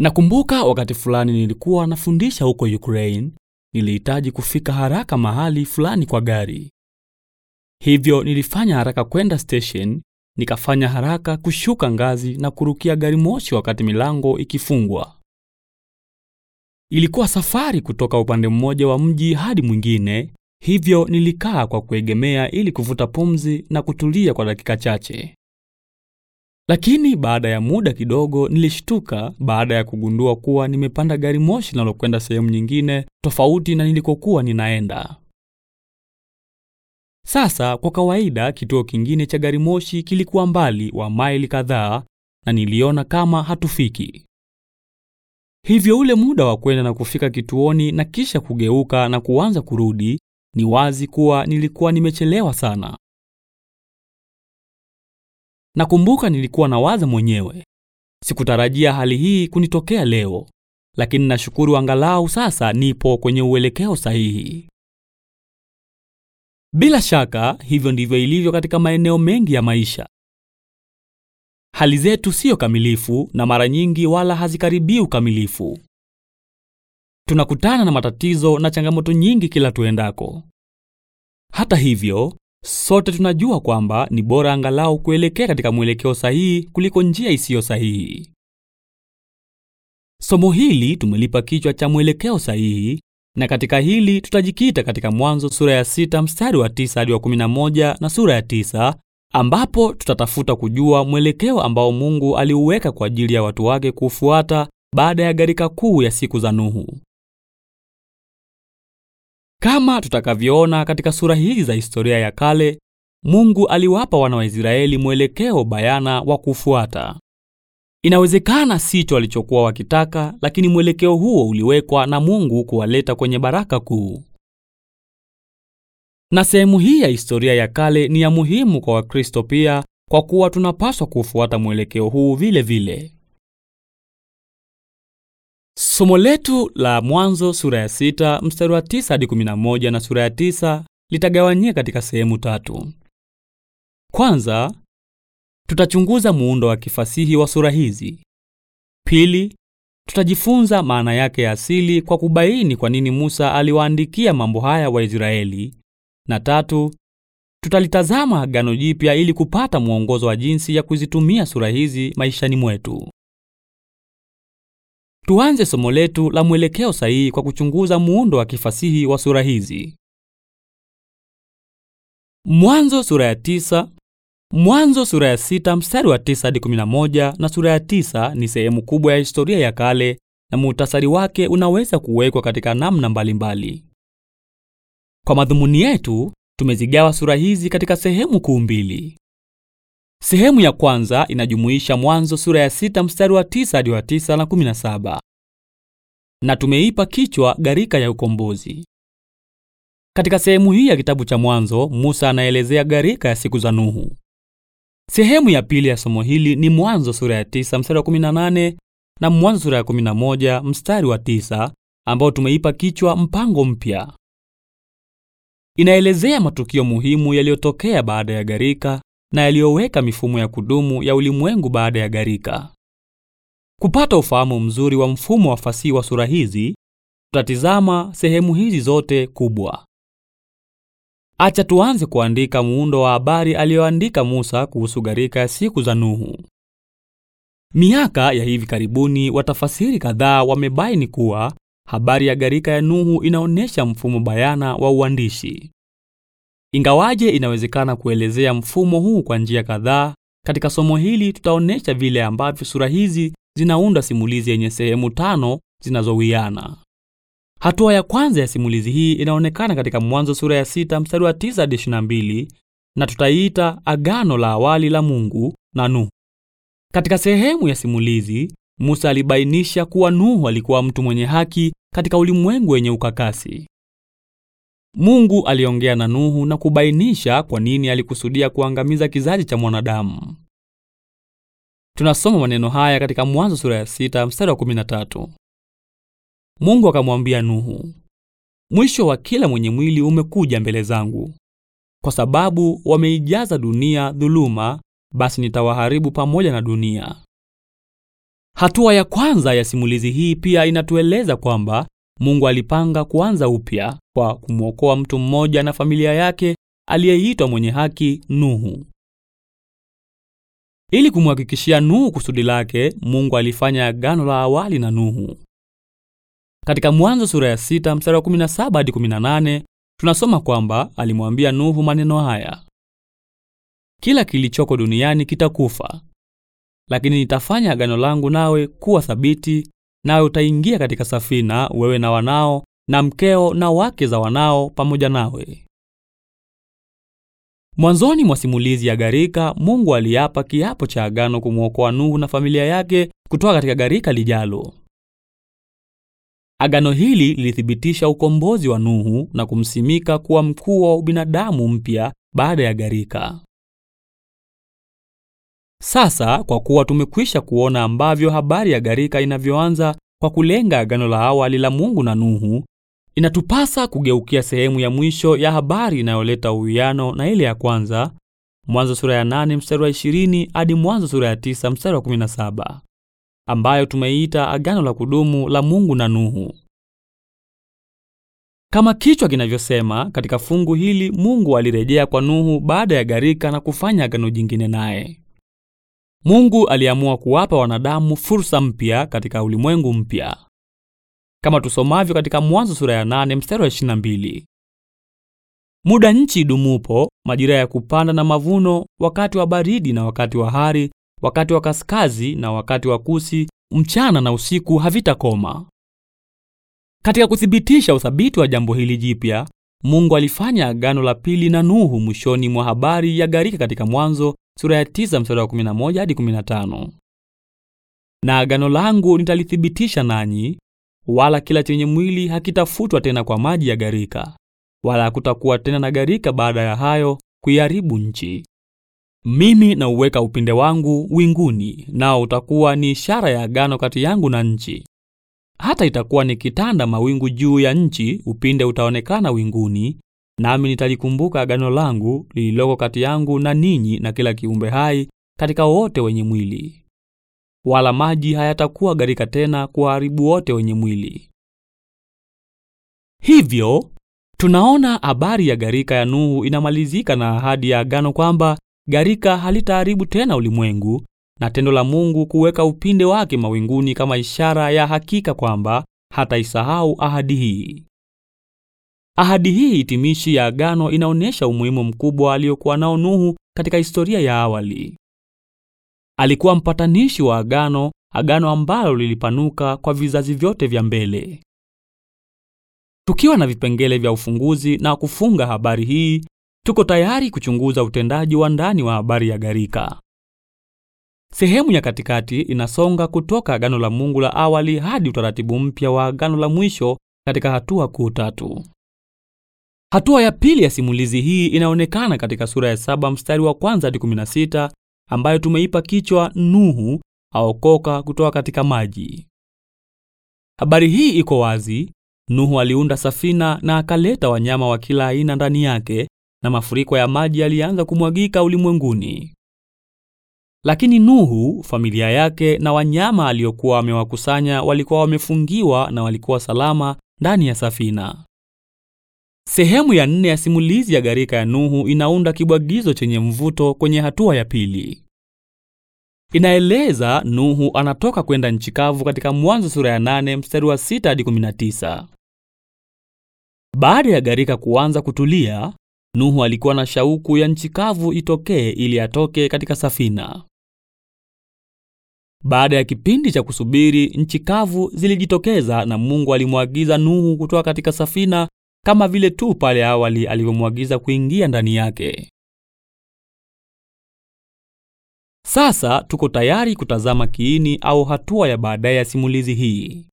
Nakumbuka wakati fulani nilikuwa nafundisha huko Ukraine, nilihitaji kufika haraka mahali fulani kwa gari. Hivyo nilifanya haraka kwenda station, nikafanya haraka kushuka ngazi na kurukia gari moshi wakati milango ikifungwa. Ilikuwa safari kutoka upande mmoja wa mji hadi mwingine, hivyo nilikaa kwa kuegemea ili kuvuta pumzi na kutulia kwa dakika chache. Lakini baada ya muda kidogo nilishtuka baada ya kugundua kuwa nimepanda gari moshi linalokwenda sehemu nyingine tofauti na nilikokuwa ninaenda. Sasa kwa kawaida kituo kingine cha gari moshi kilikuwa mbali wa maili kadhaa na niliona kama hatufiki. Hivyo ule muda wa kwenda na kufika kituoni na kisha kugeuka na kuanza kurudi, ni wazi kuwa nilikuwa nimechelewa sana. Nakumbuka nilikuwa na waza mwenyewe, sikutarajia hali hii kunitokea leo, lakini nashukuru angalau sasa nipo kwenye uelekeo sahihi. Bila shaka hivyo ndivyo ilivyo katika maeneo mengi ya maisha. Hali zetu siyo kamilifu na mara nyingi wala hazikaribii ukamilifu. Tunakutana na matatizo na changamoto nyingi kila tuendako. Hata hivyo, Sote tunajua kwamba ni bora angalau kuelekea katika mwelekeo sahihi kuliko njia isiyo sahihi. Somo hili tumelipa kichwa cha mwelekeo sahihi, na katika hili tutajikita katika Mwanzo sura ya sita mstari wa tisa hadi wa kumi na moja na sura ya tisa ambapo tutatafuta kujua mwelekeo ambao Mungu aliuweka kwa ajili ya watu wake kuufuata baada ya gharika kuu ya siku za Nuhu. Kama tutakavyoona katika sura hizi za historia ya kale, Mungu aliwapa wana wa Israeli mwelekeo bayana wa kufuata. Inawezekana sicho walichokuwa wakitaka, lakini mwelekeo huo uliwekwa na Mungu kuwaleta kwenye baraka kuu. Na sehemu hii ya historia ya kale ni ya muhimu kwa Wakristo pia, kwa kuwa tunapaswa kufuata mwelekeo huu vile vile. Somo letu la Mwanzo sura ya sita mstari wa tisa hadi kumi na moja na sura ya tisa litagawanyika katika sehemu tatu. Kwanza, tutachunguza muundo wa kifasihi wa sura hizi. Pili, tutajifunza maana yake ya asili kwa kubaini kwa nini Musa aliwaandikia mambo haya Waisraeli, na tatu, tutalitazama Agano Jipya ili kupata mwongozo wa jinsi ya kuzitumia sura hizi maishani mwetu. Tuanze somo letu la mwelekeo sahihi kwa kuchunguza muundo wa kifasihi wa sura hizi. Mwanzo sura ya tisa, Mwanzo sura ya sita mstari wa tisa hadi kumi na moja na sura ya tisa ni sehemu kubwa ya historia ya kale na muhtasari wake unaweza kuwekwa katika namna mbalimbali mbali. Kwa madhumuni yetu tumezigawa sura hizi katika sehemu kuu mbili. Sehemu ya kwanza inajumuisha Mwanzo sura ya sita mstari wa tisa hadi wa tisa na kumi na saba na tumeipa kichwa gharika ya ukombozi. Katika sehemu hii ya kitabu cha Mwanzo, Musa anaelezea gharika ya siku za Nuhu. Sehemu ya pili ya somo hili ni Mwanzo sura ya tisa mstari wa 18 na Mwanzo sura ya 11 mstari wa tisa ambao tumeipa kichwa mpango mpya. Inaelezea matukio muhimu yaliyotokea baada ya gharika na yaliyoweka mifumo ya kudumu ya ulimwengu baada ya gharika. Kupata ufahamu mzuri wa mfumo wa fasihi wa sura hizi, tutatizama sehemu hizi zote kubwa. Acha tuanze kuandika muundo wa habari aliyoandika Musa kuhusu gharika ya siku za Nuhu. Miaka ya hivi karibuni, watafasiri kadhaa wamebaini kuwa habari ya gharika ya Nuhu inaonyesha mfumo bayana wa uandishi. Ingawaje inawezekana kuelezea mfumo huu kwa njia kadhaa, katika somo hili tutaonesha vile ambavyo sura hizi zinaunda simulizi yenye sehemu tano zinazowiana. Hatua ya kwanza ya simulizi hii inaonekana katika Mwanzo sura ya sita mstari wa tisa hadi na mbili na tutaiita agano la awali la Mungu na Nuhu. Katika sehemu ya simulizi, Musa alibainisha kuwa Nuhu alikuwa mtu mwenye haki katika ulimwengu wenye ukakasi. Mungu aliongea na Nuhu na kubainisha kwa nini alikusudia kuangamiza kizazi cha mwanadamu. Tunasoma maneno haya katika Mwanzo sura ya sita mstari wa 13. Mungu akamwambia Nuhu, mwisho wa kila mwenye mwili umekuja mbele zangu, kwa sababu wameijaza dunia dhuluma, basi nitawaharibu pamoja na dunia. Hatua ya kwanza ya simulizi hii pia inatueleza kwamba Mungu alipanga kuanza upya kwa kumwokoa mtu mmoja na familia yake aliyeitwa mwenye haki Nuhu. Ili kumhakikishia Nuhu kusudi lake, Mungu alifanya agano la awali na Nuhu. Katika Mwanzo sura ya sita mstari wa 17 hadi 18 tunasoma kwamba alimwambia Nuhu maneno haya: kila kilichoko duniani kitakufa, lakini nitafanya agano langu nawe kuwa thabiti, nawe utaingia katika safina, wewe na wanao, na mkeo na wake za wanao pamoja nawe. Mwanzoni mwa simulizi ya gharika, Mungu aliapa kiapo cha agano kumwokoa Nuhu na familia yake kutoka katika garika lijalo. Agano hili lilithibitisha ukombozi wa Nuhu na kumsimika kuwa mkuu wa ubinadamu mpya baada ya gharika. Sasa kwa kuwa tumekwisha kuona ambavyo habari ya gharika inavyoanza kwa kulenga agano la awali la Mungu na Nuhu, Inatupasa kugeukia sehemu ya mwisho ya habari inayoleta uwiano na ile ya kwanza, Mwanzo sura ya 8 mstari wa 20 hadi Mwanzo sura ya 9 mstari wa 17, ambayo tumeiita agano la kudumu la Mungu na Nuhu. Kama kichwa kinavyosema, katika fungu hili Mungu alirejea kwa Nuhu baada ya gharika na kufanya agano jingine naye. Mungu aliamua kuwapa wanadamu fursa mpya katika ulimwengu mpya kama tusomavyo katika Mwanzo sura ya nane, mstari wa 22. Muda nchi idumupo, majira ya kupanda na mavuno, wakati wa baridi na wakati wa hari, wakati wa kaskazi na wakati wa kusi, mchana na usiku havitakoma. Katika kuthibitisha uthabiti wa jambo hili jipya, Mungu alifanya agano la pili na Nuhu mwishoni mwa habari ya garika katika Mwanzo sura ya 9 mstari wa 11 hadi 15. Na agano langu nitalithibitisha nanyi, wala kila chenye mwili hakitafutwa tena kwa maji ya garika wala hakutakuwa tena na garika baada ya hayo kuiharibu nchi. Mimi nauweka upinde wangu winguni, nao utakuwa ni ishara ya agano kati yangu na nchi. Hata itakuwa nikitanda mawingu juu ya nchi, upinde utaonekana winguni, nami nitalikumbuka agano langu lililoko kati yangu na ninyi na kila kiumbe hai katika wote wenye mwili wala maji hayatakuwa gharika tena kuwaharibu wote wenye mwili. Hivyo tunaona habari ya gharika ya Nuhu inamalizika na ahadi ya agano kwamba gharika halitaharibu tena ulimwengu na tendo la Mungu kuweka upinde wake mawinguni kama ishara ya hakika kwamba hataisahau ahadi hii. Ahadi hii itimishi ya agano inaonyesha umuhimu mkubwa aliokuwa nao Nuhu katika historia ya awali. Alikuwa mpatanishi wa agano, agano ambalo lilipanuka kwa vizazi vyote vya mbele. Tukiwa na vipengele vya ufunguzi na kufunga habari hii, tuko tayari kuchunguza utendaji wa ndani wa habari ya gharika. Sehemu ya katikati inasonga kutoka agano la Mungu la awali hadi utaratibu mpya wa agano la mwisho katika hatua kuu tatu. Hatua ya pili ya simulizi hii inaonekana katika sura ya saba mstari wa kwanza hadi 16 ambayo tumeipa kichwa Nuhu aokoka kutoka katika maji. Habari hii iko wazi. Nuhu aliunda safina na akaleta wanyama wa kila aina ndani yake na mafuriko ya maji yalianza kumwagika ulimwenguni. Lakini Nuhu, familia yake na wanyama aliokuwa amewakusanya walikuwa wamefungiwa na walikuwa salama ndani ya safina. Sehemu ya nne ya simulizi ya gharika ya Nuhu inaunda kibwagizo chenye mvuto kwenye hatua ya pili. Inaeleza Nuhu anatoka kwenda nchi kavu katika Mwanzo sura ya 8 mstari wa 6 hadi 19. Baada ya gharika kuanza kutulia, Nuhu alikuwa na shauku ya nchi kavu itokee ili atoke katika safina. Baada ya kipindi cha kusubiri, nchi kavu zilijitokeza na Mungu alimwagiza Nuhu kutoka katika safina kama vile tu pale awali alivyomwagiza kuingia ndani yake. Sasa tuko tayari kutazama kiini au hatua ya baadaye ya simulizi hii.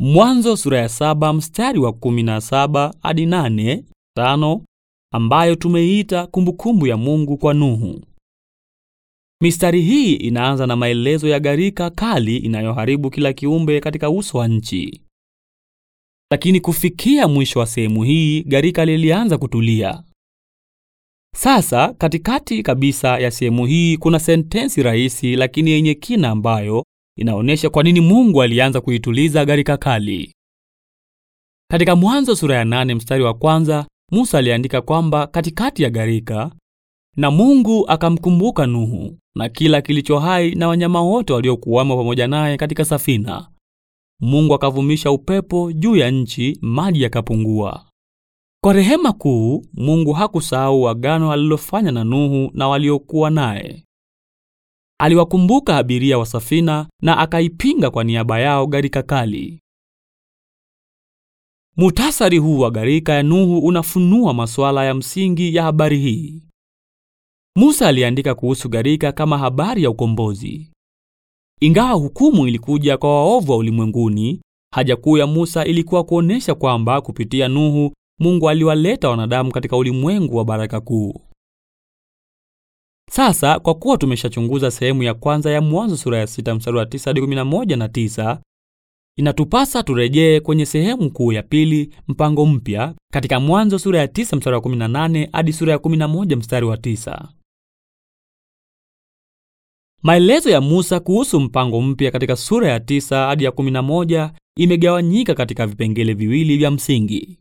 Mwanzo sura ya saba mstari wa 17 hadi nane tano, ambayo tumeiita kumbukumbu ya Mungu kwa Nuhu. Mistari hii inaanza na maelezo ya gharika kali inayoharibu kila kiumbe katika uso wa nchi. Lakini kufikia mwisho wa sehemu hii, garika lilianza kutulia. Sasa katikati kabisa ya sehemu hii kuna sentensi rahisi lakini yenye kina ambayo inaonyesha kwa nini Mungu alianza kuituliza gharika kali. Katika Mwanzo sura ya nane mstari wa kwanza, Musa aliandika kwamba katikati ya gharika, na Mungu akamkumbuka Nuhu na kila kilicho hai na wanyama wote waliokuwama pamoja naye katika safina, Mungu akavumisha upepo juu ya nchi, maji yakapungua. Kwa rehema kuu, Mungu hakusahau agano alilofanya na Nuhu na waliokuwa naye. Aliwakumbuka abiria wa safina na akaipinga kwa niaba yao gharika kali. mutasari huu wa gharika ya Nuhu unafunua masuala ya msingi ya habari hii. Musa aliandika kuhusu gharika kama habari ya ukombozi. Ingawa hukumu ilikuja kwa waovu wa ulimwenguni, haja kuu ya Musa ilikuwa kuonesha kwamba kupitia Nuhu Mungu aliwaleta wanadamu katika ulimwengu wa baraka kuu. Sasa kwa kuwa tumeshachunguza sehemu ya kwanza ya Mwanzo sura ya 6 mstari wa 9 na 9, inatupasa turejee kwenye sehemu kuu ya pili, mpango mpya katika Mwanzo sura ya 9 mstari wa 18 hadi sura ya 11 mstari wa 9. Maelezo ya Musa kuhusu mpango mpya katika sura ya tisa hadi ya 11 imegawanyika katika vipengele viwili vya msingi.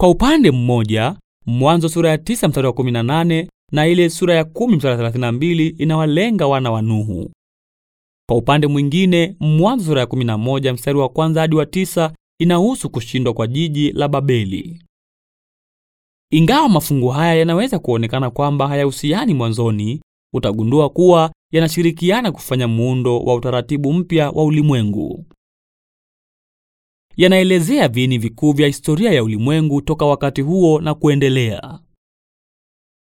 Kwa upande mmoja, Mwanzo sura ya tisa mstari wa 18 na ile sura ya 10 mstari wa 32 inawalenga wana wa Nuhu. Kwa upande mwingine, Mwanzo sura ya 11 mstari wa kwanza hadi wa tisa inahusu kushindwa kwa jiji la Babeli. Ingawa mafungu haya yanaweza kuonekana kwamba hayahusiani mwanzoni, utagundua kuwa yanashirikiana kufanya muundo wa utaratibu mpya wa ulimwengu. Yanaelezea viini vikuu vya historia ya ulimwengu toka wakati huo na kuendelea.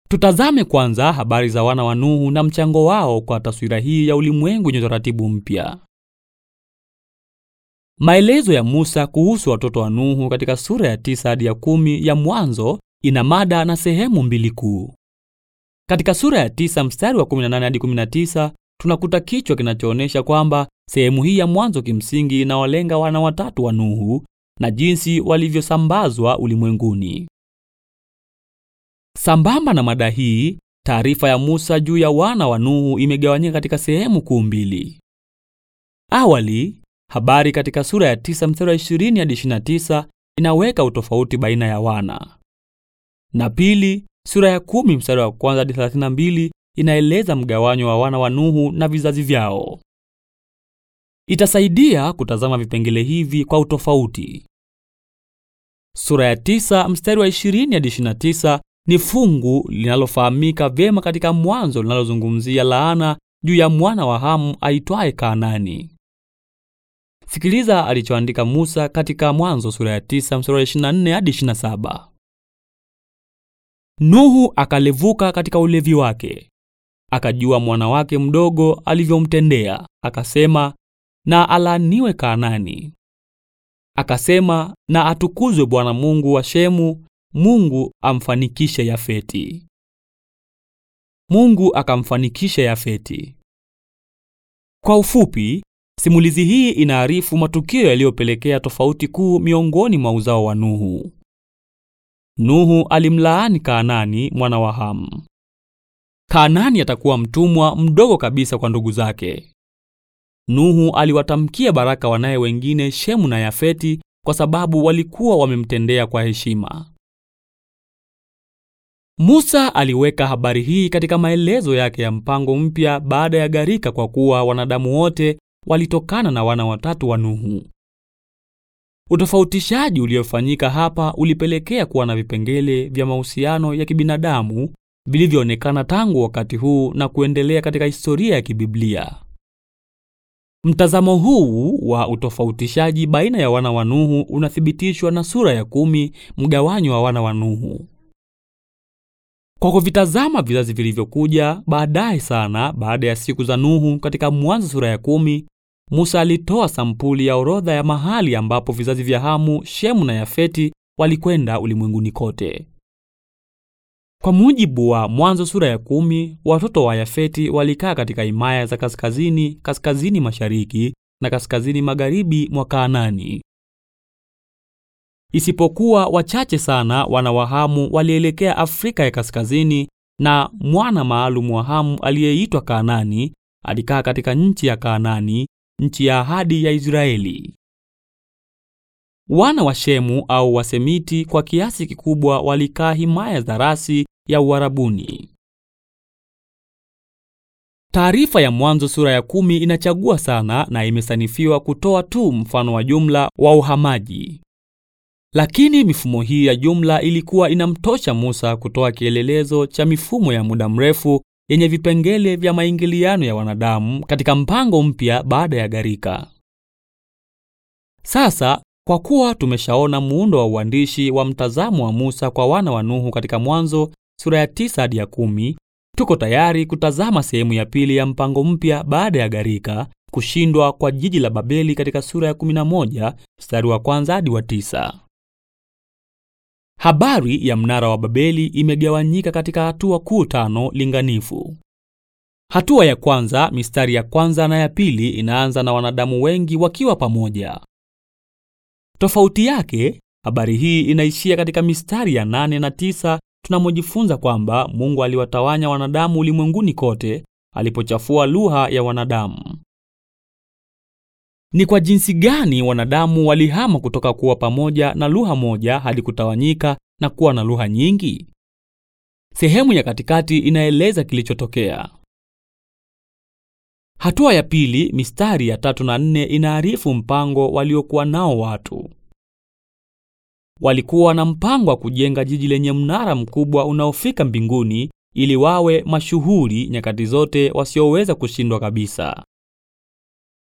Tutazame kwanza habari za wana wa Nuhu na mchango wao kwa taswira hii ya ulimwengu yenye utaratibu mpya. Maelezo ya Musa kuhusu watoto wa Nuhu katika sura ya tisa hadi ya kumi ya Mwanzo ina mada na sehemu mbili kuu. Katika sura ya tisa mstari wa 18 hadi 19 tunakuta kichwa kinachoonyesha kwamba sehemu hii ya mwanzo kimsingi inawalenga wana watatu wa Nuhu na jinsi walivyosambazwa ulimwenguni. Sambamba na mada hii, taarifa ya Musa juu ya wana wa Nuhu imegawanyika katika sehemu kuu mbili. Awali, habari katika sura ya 9 mstari wa 20 hadi 29 inaweka utofauti baina ya wana. Na pili, Sura ya kumi mstari wa kwanza hadi mbili inaeleza mgawanyo wa wana wa Nuhu na vizazi vyao. Itasaidia kutazama vipengele hivi kwa utofauti. Sura ya tisa mstari wa ishirini hadi 29 ni fungu linalofahamika vyema katika Mwanzo linalozungumzia laana juu ya mwana wa Hamu aitwaye Kaanani. Sikiliza alichoandika Musa katika Mwanzo sura ya 9 mstari wa nne hadi saba. Nuhu akalevuka katika ulevi wake, akajua mwana wake mdogo alivyomtendea, akasema na alaaniwe kanani Akasema na atukuzwe Bwana Mungu wa Shemu, Mungu amfanikishe Yafeti. Mungu akamfanikisha Yafeti. Kwa ufupi, simulizi hii inaarifu matukio yaliyopelekea tofauti kuu miongoni mwa uzao wa Nuhu. Nuhu alimlaani Kaanani mwana wa Ham. Kaanani atakuwa mtumwa mdogo kabisa kwa ndugu zake. Nuhu aliwatamkia baraka wanaye wengine Shemu na Yafeti kwa sababu walikuwa wamemtendea kwa heshima. Musa aliweka habari hii katika maelezo yake ya mpango mpya baada ya gharika, kwa kuwa wanadamu wote walitokana na wana watatu wa Nuhu. Utofautishaji uliofanyika hapa ulipelekea kuwa na vipengele vya mahusiano ya kibinadamu vilivyoonekana tangu wakati huu na kuendelea katika historia ya kibiblia. Mtazamo huu wa utofautishaji baina ya wana wa Nuhu unathibitishwa na sura ya kumi, mgawanyo wa wana wa Nuhu. Kwa kuvitazama vizazi vilivyokuja baadaye sana baada ya siku za Nuhu katika Mwanzo sura ya kumi, Musa alitoa sampuli ya orodha ya mahali ambapo vizazi vya Hamu, Shemu na Yafeti walikwenda ulimwenguni kote. Kwa mujibu wa Mwanzo sura ya kumi, watoto wa Yafeti walikaa katika himaya za kaskazini, kaskazini mashariki na kaskazini magharibi mwa Kaanani. Isipokuwa wachache sana, wana wa Hamu walielekea Afrika ya kaskazini na mwana maalumu wa Hamu aliyeitwa Kaanani alikaa katika nchi ya Kaanani nchi ya ahadi ya Israeli. Wana wa Shemu au Wasemiti kwa kiasi kikubwa walikaa himaya za rasi ya Uarabuni. Taarifa ya Mwanzo sura ya kumi inachagua sana na imesanifiwa kutoa tu mfano wa jumla wa uhamaji. Lakini mifumo hii ya jumla ilikuwa inamtosha Musa kutoa kielelezo cha mifumo ya muda mrefu yenye vipengele vya maingiliano ya wanadamu katika mpango mpya baada ya gharika. Sasa kwa kuwa tumeshaona muundo wa uandishi wa mtazamo wa Musa kwa wana wa Nuhu katika Mwanzo sura ya tisa hadi ya kumi, tuko tayari kutazama sehemu ya pili ya mpango mpya baada ya gharika, kushindwa kwa jiji la Babeli katika sura ya 11 mstari wa kwanza hadi wa tisa. Habari ya mnara wa Babeli imegawanyika katika hatua kuu tano linganifu. Hatua ya kwanza, mistari ya kwanza na ya pili, inaanza na wanadamu wengi wakiwa pamoja. Tofauti yake, habari hii inaishia katika mistari ya nane na tisa tunamojifunza kwamba Mungu aliwatawanya wanadamu ulimwenguni kote alipochafua lugha ya wanadamu ni kwa jinsi gani wanadamu walihama kutoka kuwa pamoja na lugha moja hadi kutawanyika na kuwa na lugha nyingi. Sehemu ya katikati inaeleza kilichotokea. Hatua ya pili, mistari ya tatu na nne inaarifu mpango waliokuwa nao watu. Walikuwa na mpango wa kujenga jiji lenye mnara mkubwa unaofika mbinguni ili wawe mashuhuri nyakati zote wasioweza kushindwa kabisa.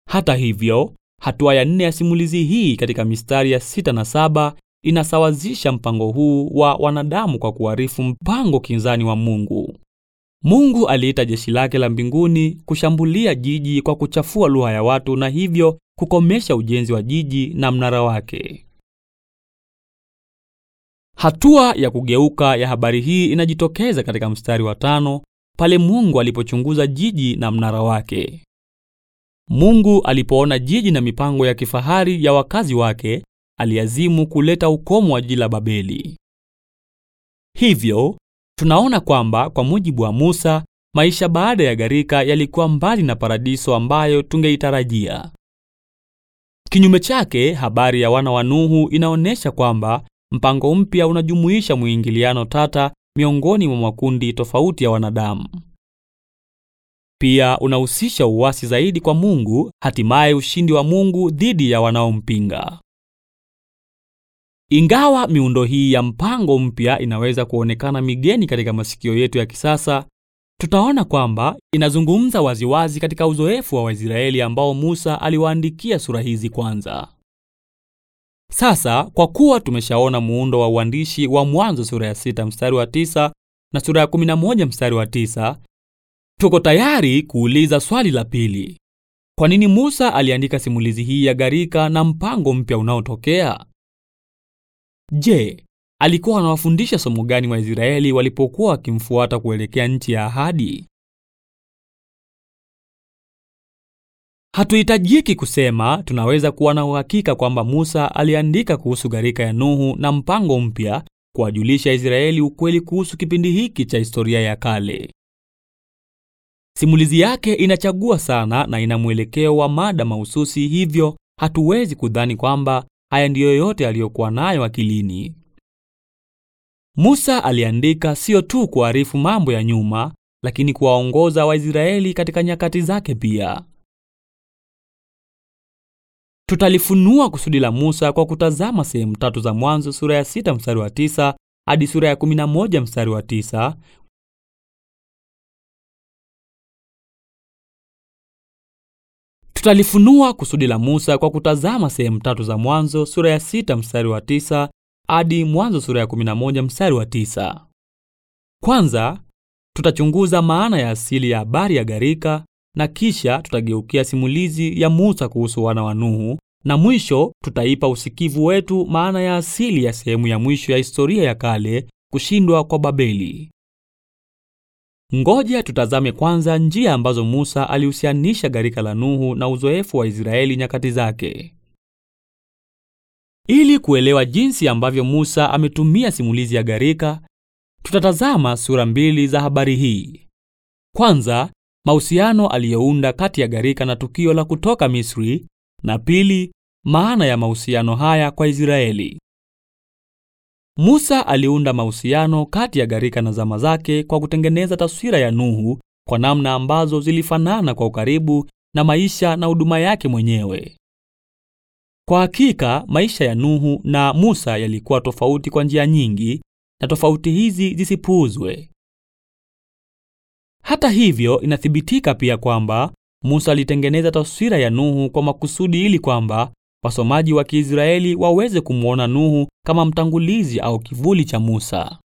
Hata hivyo, Hatua ya nne ya simulizi hii katika mistari ya sita na saba inasawazisha mpango huu wa wanadamu kwa kuarifu mpango kinzani wa Mungu. Mungu aliita jeshi lake la mbinguni kushambulia jiji kwa kuchafua lugha ya watu na hivyo kukomesha ujenzi wa jiji na mnara wake. Hatua ya kugeuka ya habari hii inajitokeza katika mstari wa tano pale Mungu alipochunguza jiji na mnara wake. Mungu alipoona jiji na mipango ya kifahari ya wakazi wake, aliazimu kuleta ukomo wa jiji la Babeli. Hivyo tunaona kwamba kwa mujibu wa Musa, maisha baada ya gharika yalikuwa mbali na paradiso ambayo tungeitarajia. Kinyume chake, habari ya wana wa Nuhu inaonyesha kwamba mpango mpya unajumuisha mwingiliano tata miongoni mwa makundi tofauti ya wanadamu pia unahusisha uwasi zaidi kwa Mungu, hatimaye ushindi wa Mungu dhidi ya wanaompinga. Ingawa miundo hii ya mpango mpya inaweza kuonekana migeni katika masikio yetu ya kisasa, tutaona kwamba inazungumza waziwazi katika uzoefu wa Waisraeli ambao Musa aliwaandikia sura hizi kwanza. Sasa kwa kuwa tumeshaona muundo wa uandishi wa Mwanzo sura ya sita mstari wa tisa na sura ya 11 mstari wa tisa, Tuko tayari kuuliza swali la pili. Kwa nini Musa aliandika simulizi hii ya garika na mpango mpya unaotokea? Je, alikuwa anawafundisha somo gani Waisraeli walipokuwa wakimfuata kuelekea nchi ya ahadi? Hatuhitajiki kusema, tunaweza kuwa na uhakika kwamba Musa aliandika kuhusu gharika ya Nuhu na mpango mpya kuwajulisha Israeli ukweli kuhusu kipindi hiki cha historia ya kale. Simulizi yake inachagua sana na ina mwelekeo wa mada mahususi, hivyo hatuwezi kudhani kwamba haya ndiyo yote aliyokuwa nayo akilini. Musa aliandika sio tu kuarifu mambo ya nyuma, lakini kuwaongoza Waisraeli katika nyakati zake pia. Tutalifunua kusudi la Musa kwa kutazama sehemu tatu za Mwanzo sura ya sita mstari wa tisa hadi sura ya 11 mstari wa tisa tutalifunua kusudi la Musa kwa kutazama sehemu tatu za Mwanzo sura ya sita mstari wa tisa hadi Mwanzo sura ya moja mstari wa tisa. Kwanza tutachunguza maana ya asili ya habari ya garika na kisha tutageukia simulizi ya Musa kuhusu wana wa Nuhu na mwisho tutaipa usikivu wetu maana ya asili ya sehemu ya mwisho ya historia ya kale, kushindwa kwa Babeli. Ngoja tutazame kwanza njia ambazo Musa alihusianisha gharika la Nuhu na uzoefu wa Israeli nyakati zake. Ili kuelewa jinsi ambavyo Musa ametumia simulizi ya gharika, tutatazama sura mbili za habari hii. Kwanza, mahusiano aliyounda kati ya gharika na tukio la kutoka Misri, na pili, maana ya mahusiano haya kwa Israeli. Musa aliunda mahusiano kati ya gharika na zama zake kwa kutengeneza taswira ya Nuhu kwa namna ambazo zilifanana kwa ukaribu na maisha na huduma yake mwenyewe. Kwa hakika, maisha ya Nuhu na Musa yalikuwa tofauti kwa njia nyingi, na tofauti hizi zisipuuzwe. Hata hivyo, inathibitika pia kwamba Musa alitengeneza taswira ya Nuhu kwa makusudi ili kwamba wasomaji wa Kiisraeli waweze kumwona Nuhu kama mtangulizi au kivuli cha Musa.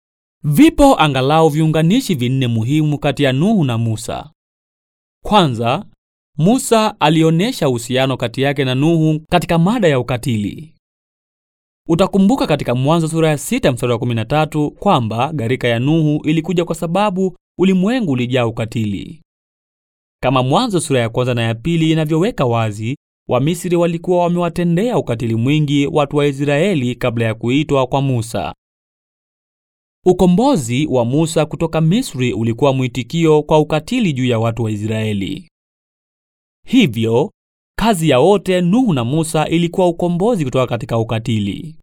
Vipo angalau viunganishi vinne muhimu kati ya Nuhu na Musa. Kwanza, Musa alionyesha uhusiano kati yake na Nuhu katika mada ya ukatili. Utakumbuka katika Mwanzo sura ya sita mstari wa kwamba gharika ya Nuhu ilikuja kwa sababu ulimwengu ulijaa ukatili. Kama Mwanzo sura ya kwanza na ya pili inavyoweka wazi, Wamisri walikuwa wamewatendea ukatili mwingi watu wa Israeli kabla ya kuitwa kwa Musa. Ukombozi wa Musa kutoka Misri ulikuwa mwitikio kwa ukatili juu ya watu wa Israeli. Hivyo, kazi ya wote Nuhu na Musa ilikuwa ukombozi kutoka katika ukatili.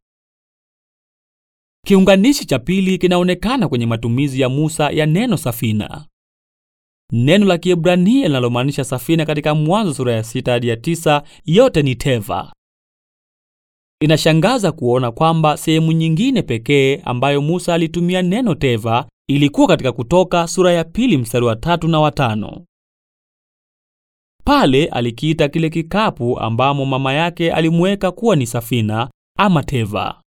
Kiunganishi cha pili kinaonekana kwenye matumizi ya Musa ya neno safina. Neno la Kiebrania linalomaanisha safina katika Mwanzo sura ya sita hadi ya tisa yote ni teva. Inashangaza kuona kwamba sehemu nyingine pekee ambayo Musa alitumia neno teva ilikuwa katika Kutoka sura ya pili mstari wa tatu na watano. Pale alikiita kile kikapu ambamo mama yake alimweka kuwa ni safina ama teva.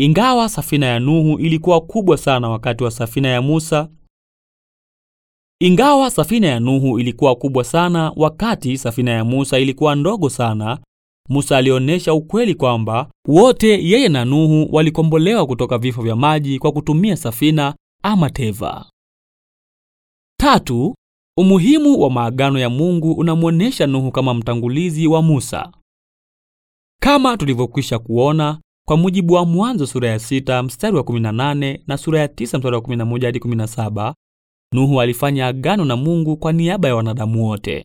Ingawa safina ya Nuhu ilikuwa kubwa sana wakati wa safina ya Musa, ingawa safina ya Nuhu ilikuwa kubwa sana wakati safina ya Musa ilikuwa ndogo sana, Musa alionyesha ukweli kwamba wote yeye na Nuhu walikombolewa kutoka vifo vya maji kwa kutumia safina ama teva. Tatu, umuhimu wa maagano ya Mungu unamwonyesha Nuhu kama mtangulizi wa Musa. Kama tulivyokwisha kuona kwa mujibu wa Mwanzo sura ya sita mstari wa 18 na sura ya 9 mstari wa 11 hadi 17, Nuhu alifanya agano na Mungu kwa niaba ya wanadamu wote.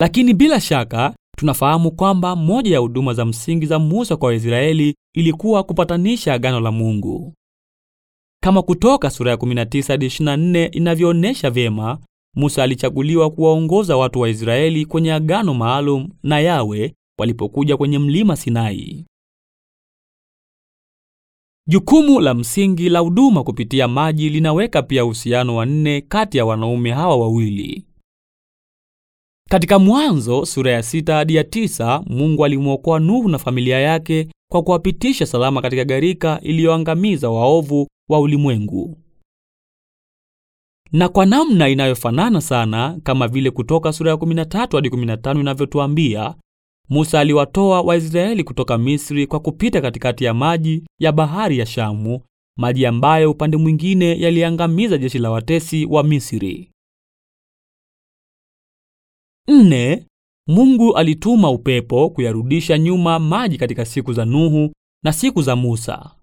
Lakini bila shaka tunafahamu kwamba moja ya huduma za msingi za Musa kwa Waisraeli ilikuwa kupatanisha agano la Mungu. Kama Kutoka sura ya 19 hadi 24 inavyoonyesha vyema, Musa alichaguliwa kuwaongoza watu wa Israeli kwenye agano maalum na Yawe walipokuja kwenye mlima Sinai. Jukumu la msingi la huduma kupitia maji linaweka pia uhusiano wa nne kati ya wanaume hawa wawili. Katika Mwanzo sura ya sita hadi ya tisa, Mungu alimwokoa Nuhu na familia yake kwa kuwapitisha salama katika gharika iliyoangamiza waovu wa ulimwengu. Na kwa namna inayofanana sana kama vile Kutoka sura ya 13 hadi 15 inavyotuambia, Musa aliwatoa Waisraeli kutoka Misri kwa kupita katikati ya maji ya bahari ya Shamu, maji ambayo upande mwingine yaliangamiza jeshi la watesi wa Misri. Nne, Mungu alituma upepo kuyarudisha nyuma maji katika siku za Nuhu na siku za Musa.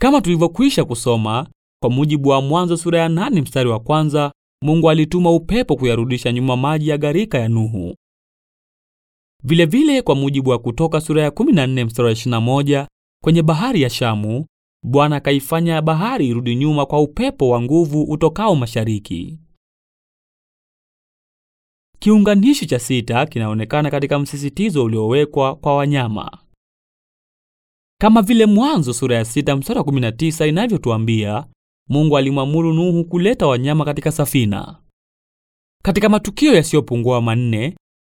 Kama tulivyokwisha kusoma, kwa mujibu wa Mwanzo sura ya nane mstari wa kwanza, Mungu alituma upepo kuyarudisha nyuma maji ya gharika ya Nuhu. Vilevile, kwa mujibu wa Kutoka sura ya 14 mstari wa 21, kwenye bahari ya Shamu Bwana akaifanya bahari irudi nyuma kwa upepo wa nguvu utokao mashariki. Kiunganishi cha sita kinaonekana katika msisitizo uliowekwa kwa wanyama, kama vile Mwanzo sura ya sita mstari wa 19 inavyotuambia, Mungu alimwamuru Nuhu kuleta wanyama katika safina. Katika matukio yasiyopungua manne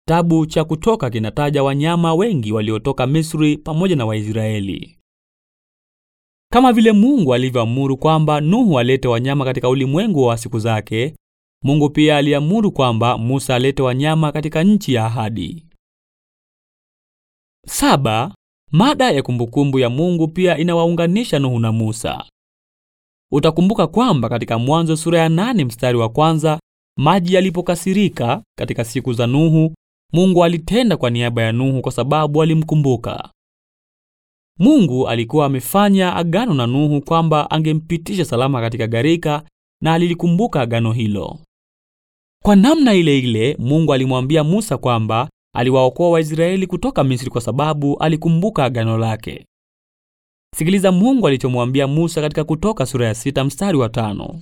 Kitabu cha Kutoka kinataja wanyama wengi waliotoka Misri pamoja na Waisraeli. Kama vile Mungu alivyoamuru kwamba Nuhu alete wanyama katika ulimwengu wa siku zake, Mungu pia aliamuru kwamba Musa alete wanyama katika nchi ya ahadi. Saba, mada ya kumbukumbu ya Mungu pia inawaunganisha Nuhu na Musa. Utakumbuka kwamba katika Mwanzo sura ya nane mstari wa kwanza maji yalipokasirika katika siku za Nuhu Mungu alitenda kwa niaba ya Nuhu kwa sababu alimkumbuka. Mungu alikuwa amefanya agano na Nuhu kwamba angempitisha salama katika gharika na alilikumbuka agano hilo. Kwa namna ile ile, Mungu alimwambia Musa kwamba aliwaokoa Waisraeli kutoka Misri kwa sababu alikumbuka agano lake. Sikiliza Mungu alichomwambia Musa katika Kutoka sura ya sita mstari wa tano.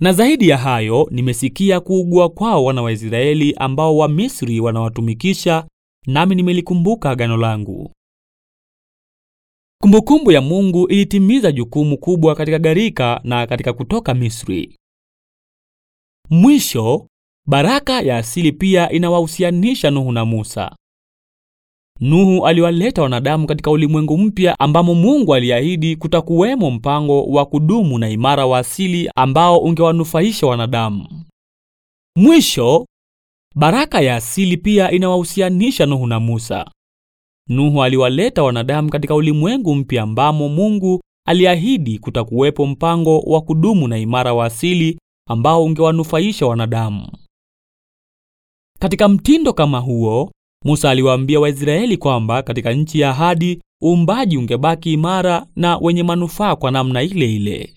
Na zaidi ya hayo, nimesikia kuugua kwao wana wa Israeli ambao Wamisri wanawatumikisha, nami nimelikumbuka agano langu. Kumbukumbu ya Mungu ilitimiza jukumu kubwa katika gharika na katika kutoka Misri. Mwisho, baraka ya asili pia inawahusianisha Nuhu na Musa. Nuhu aliwaleta wanadamu katika ulimwengu mpya ambamo Mungu aliahidi kutakuwemo mpango wa kudumu na imara wa asili ambao ungewanufaisha wanadamu. Mwisho, baraka ya asili pia inawahusianisha Nuhu na Musa. Nuhu aliwaleta wanadamu katika ulimwengu mpya ambamo Mungu aliahidi kutakuwepo mpango wa kudumu na imara wa asili ambao ungewanufaisha wanadamu. Katika mtindo kama huo, Musa aliwaambia Waisraeli kwamba katika nchi ya ahadi uumbaji ungebaki imara na wenye manufaa kwa namna ile ile.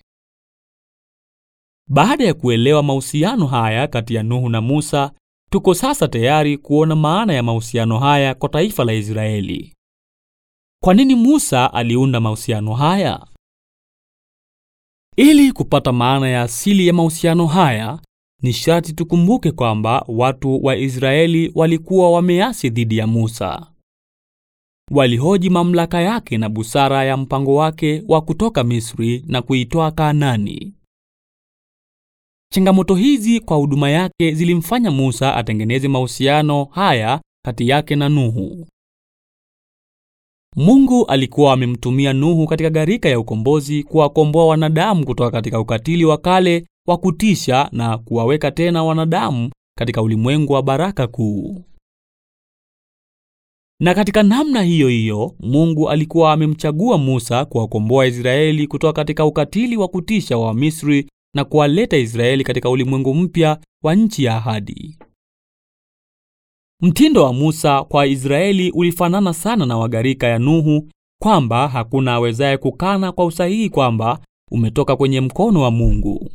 Baada ya kuelewa mahusiano haya kati ya Nuhu na Musa, tuko sasa tayari kuona maana ya mahusiano haya kwa taifa la Israeli. Kwa nini Musa aliunda mahusiano haya? Ili kupata maana ya asili ya mahusiano haya, ni sharti tukumbuke kwamba watu wa Israeli walikuwa wameasi dhidi ya Musa. Walihoji mamlaka yake na busara ya mpango wake wa kutoka Misri na kuitoa kanani Changamoto hizi kwa huduma yake zilimfanya Musa atengeneze mahusiano haya kati yake na Nuhu. Mungu alikuwa amemtumia Nuhu katika gharika ya ukombozi kuwakomboa wanadamu kutoka katika ukatili wa kale wa kutisha na kuwaweka tena wanadamu katika ulimwengu wa baraka kuu. Na katika namna hiyo hiyo, Mungu alikuwa amemchagua Musa kuwakomboa Israeli kutoka katika ukatili wa kutisha wa Misri na kuwaleta Israeli katika ulimwengu mpya wa nchi ya ahadi. Mtindo wa Musa kwa Israeli ulifanana sana na wagarika ya Nuhu, kwamba hakuna awezaye kukana kwa usahihi kwamba umetoka kwenye mkono wa Mungu.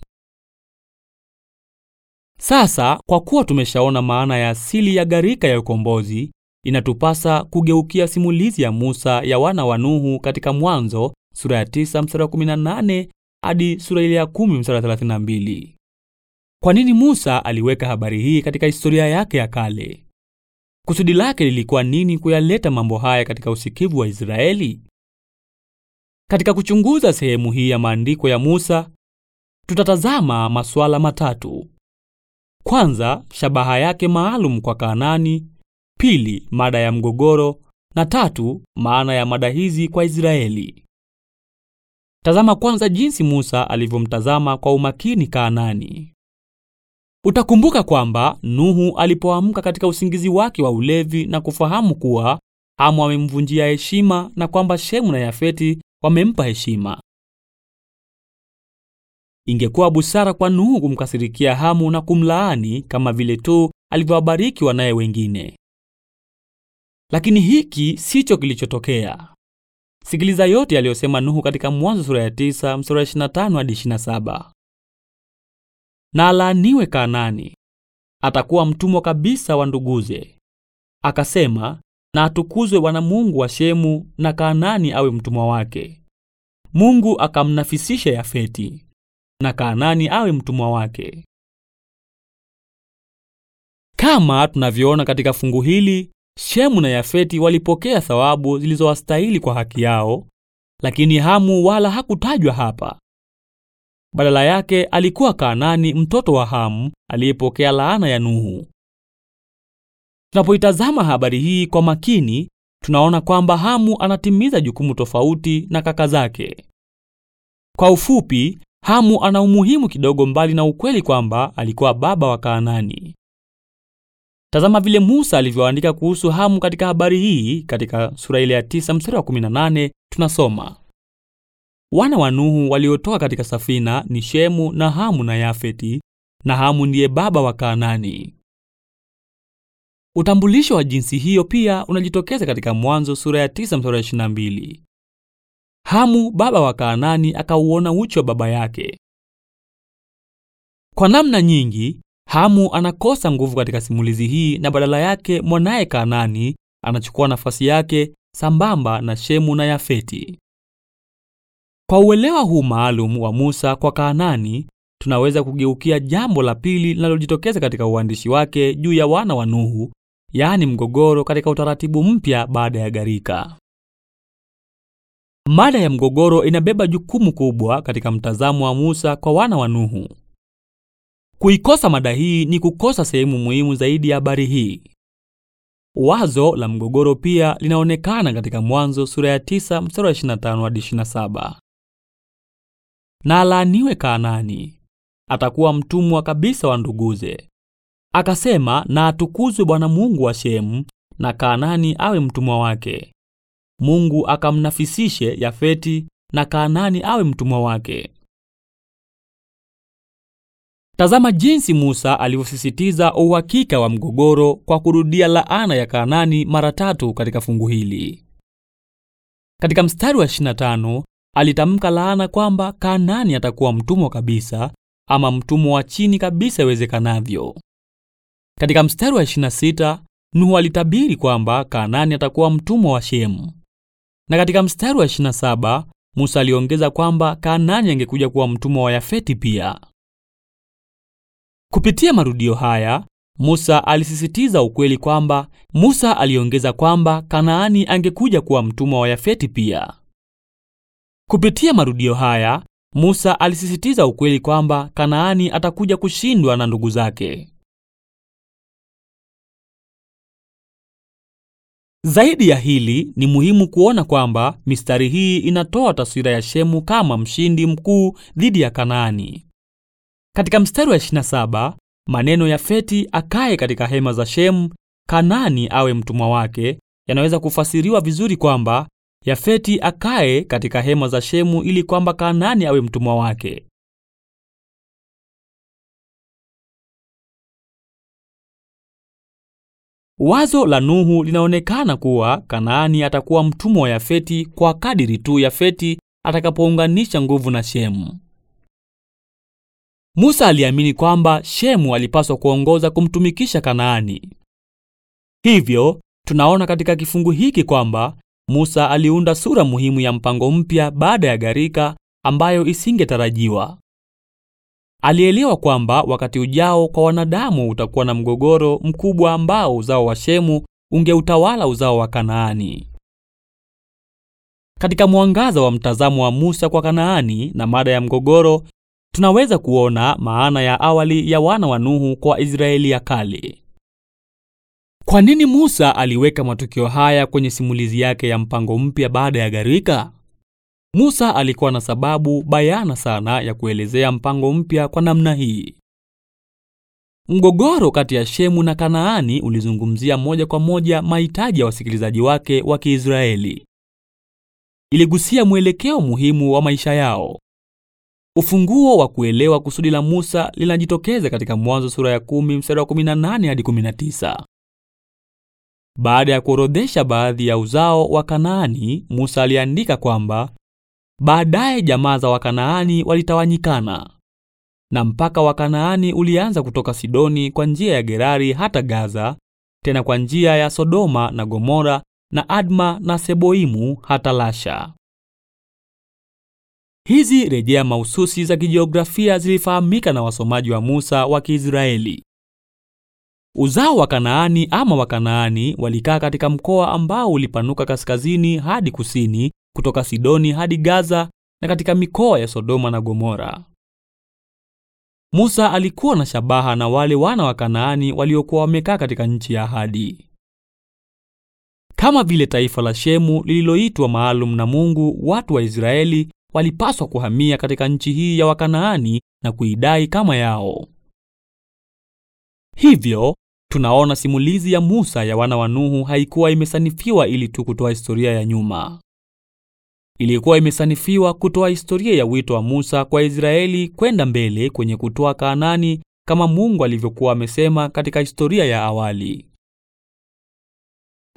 Sasa kwa kuwa tumeshaona maana ya asili ya gharika ya ukombozi, inatupasa kugeukia simulizi ya Musa ya wana wa Nuhu katika Mwanzo sura ya 9 mstari wa 18 hadi sura ile ya 10 mstari wa 32. Kwa nini Musa aliweka habari hii katika historia yake ya kale? Kusudi lake lilikuwa nini kuyaleta mambo haya katika usikivu wa Israeli? Katika kuchunguza sehemu hii ya maandiko ya Musa, tutatazama masuala matatu. Kwanza, shabaha yake maalum kwa Kanaani; pili, mada ya mgogoro; na tatu, maana ya mada hizi kwa Israeli. Tazama kwanza jinsi Musa alivyomtazama kwa umakini Kanaani. Utakumbuka kwamba Nuhu alipoamka katika usingizi wake wa ulevi na kufahamu kuwa Hamu amemvunjia heshima na kwamba Shemu na Yafeti wamempa heshima, Ingekuwa busara kwa Nuhu kumkasirikia Hamu na kumlaani kama vile tu alivyowabariki wanaye wengine, lakini hiki sicho kilichotokea. Sikiliza yote aliyosema Nuhu katika Mwanzo sura ya 9 mstari 25 hadi 27: na alaaniwe Kanani, atakuwa mtumwa kabisa wa nduguze. Akasema, na atukuzwe Bwana Mungu wa Shemu, na kanani awe mtumwa wake. Mungu akamnafisisha Yafeti na Kanaani awe mtumwa wake. Kama tunavyoona katika fungu hili, Shemu na Yafeti walipokea thawabu zilizowastahili kwa haki yao, lakini Hamu wala hakutajwa hapa. Badala yake alikuwa Kanaani mtoto wa Hamu aliyepokea laana ya Nuhu. Tunapoitazama habari hii kwa makini, tunaona kwamba Hamu anatimiza jukumu tofauti na kaka zake. Kwa ufupi, Hamu ana umuhimu kidogo mbali na ukweli kwamba alikuwa baba wa Kaanani. Tazama vile Musa alivyoandika kuhusu Hamu katika habari hii. Katika sura ile ya 9 mstari wa 18 tunasoma, wana wa Nuhu waliotoka katika safina ni Shemu na Hamu na Yafeti, na Hamu ndiye baba wa Kaanani. Utambulisho wa jinsi hiyo pia unajitokeza katika Mwanzo sura ya 9 mstari wa 22. Hamu baba wa Kanaani akauona uchi wa baba yake. Kwa namna nyingi, Hamu anakosa nguvu katika simulizi hii na badala yake mwanaye Kanaani anachukua nafasi yake sambamba na Shemu na Yafeti. Kwa uelewa huu maalum wa Musa kwa Kanaani, tunaweza kugeukia jambo la pili linalojitokeza katika uandishi wake juu ya wana wa Nuhu, yaani mgogoro katika utaratibu mpya baada ya gharika. Mada ya mgogoro inabeba jukumu kubwa katika mtazamo wa Musa kwa wana wa Nuhu. Kuikosa mada hii ni kukosa sehemu muhimu zaidi ya habari hii. Wazo la mgogoro pia linaonekana katika Mwanzo sura ya 9 mstari wa 25 hadi 27. Na alaaniwe Kaanani, atakuwa mtumwa kabisa wa nduguze. Akasema, na atukuzwe Bwana Mungu wa Shemu, na Kaanani awe mtumwa wake. Mungu akamnafisishe Yafeti na Kaanani awe mtumwa wake. Tazama jinsi Musa alivyosisitiza uhakika wa mgogoro kwa kurudia laana ya Kaanani mara tatu katika fungu hili. Katika mstari wa 25 alitamka laana kwamba Kaanani atakuwa mtumwa kabisa ama mtumwa wa chini kabisa iwezekanavyo. Katika mstari wa 26 Nuhu alitabiri kwamba Kaanani atakuwa mtumwa wa Shemu. Na katika mstari wa 27 Musa aliongeza kwamba Kanani angekuja kuwa mtumwa wa Yafeti pia. Kupitia marudio haya, Musa alisisitiza ukweli kwamba Musa aliongeza kwamba Kanaani angekuja kuwa mtumwa wa Yafeti pia. Kupitia marudio haya, Musa alisisitiza ukweli kwamba Kanaani atakuja kushindwa na ndugu zake. Zaidi ya hili, ni muhimu kuona kwamba mistari hii inatoa taswira ya Shemu kama mshindi mkuu dhidi ya Kanaani. Katika mstari wa 27, maneno ya Feti akae katika hema za Shemu, Kanaani awe mtumwa wake, yanaweza kufasiriwa vizuri kwamba Yafeti akae katika hema za Shemu ili kwamba Kanaani awe mtumwa wake. Wazo la Nuhu linaonekana kuwa Kanaani atakuwa mtumwa wa Yafeti kwa kadiri tu Yafeti atakapounganisha nguvu na Shemu. Musa aliamini kwamba Shemu alipaswa kuongoza kumtumikisha Kanaani. Hivyo tunaona katika kifungu hiki kwamba Musa aliunda sura muhimu ya mpango mpya baada ya gharika ambayo isingetarajiwa. Alielewa kwamba wakati ujao kwa wanadamu utakuwa na mgogoro mkubwa ambao uzao wa Shemu ungeutawala uzao wa Kanaani. Katika mwangaza wa mtazamo wa Musa kwa Kanaani na mada ya mgogoro, tunaweza kuona maana ya awali ya wana wa Nuhu kwa Israeli ya kale. Kwa nini Musa aliweka matukio haya kwenye simulizi yake ya mpango mpya baada ya gharika? Musa alikuwa na sababu bayana sana ya kuelezea mpango mpya kwa namna hii. Mgogoro kati ya Shemu na Kanaani ulizungumzia moja kwa moja mahitaji ya wasikilizaji wake wa Kiisraeli. Iligusia mwelekeo muhimu wa maisha yao. Ufunguo wa kuelewa kusudi la Musa linajitokeza katika Mwanzo sura ya 10 mstari wa 18 hadi 19. Baada ya kuorodhesha baadhi ya uzao wa Kanaani, Musa aliandika kwamba Baadaye jamaa za Wakanaani walitawanyikana na mpaka wakanaani ulianza kutoka Sidoni kwa njia ya Gerari hata Gaza, tena kwa njia ya Sodoma na Gomora na Adma na Seboimu hata Lasha. Hizi rejea mahususi za kijiografia zilifahamika na wasomaji wa Musa wa Kiisraeli. Uzao wa Kanaani ama Wakanaani walikaa katika mkoa ambao ulipanuka kaskazini hadi kusini kutoka Sidoni hadi Gaza na katika mikoa ya Sodoma na Gomora. Musa alikuwa na shabaha na wale wana wa Kanaani waliokuwa wamekaa katika nchi ya ahadi. Kama vile taifa la Shemu lililoitwa maalum na Mungu, watu wa Israeli walipaswa kuhamia katika nchi hii ya Wakanaani na kuidai kama yao. Hivyo tunaona simulizi ya Musa ya wana wa Nuhu haikuwa imesanifiwa ili tu kutoa historia ya nyuma ilikuwa imesanifiwa kutoa historia ya wito wa Musa kwa Israeli kwenda mbele kwenye kutoa Kaanani kama Mungu alivyokuwa amesema katika historia ya awali.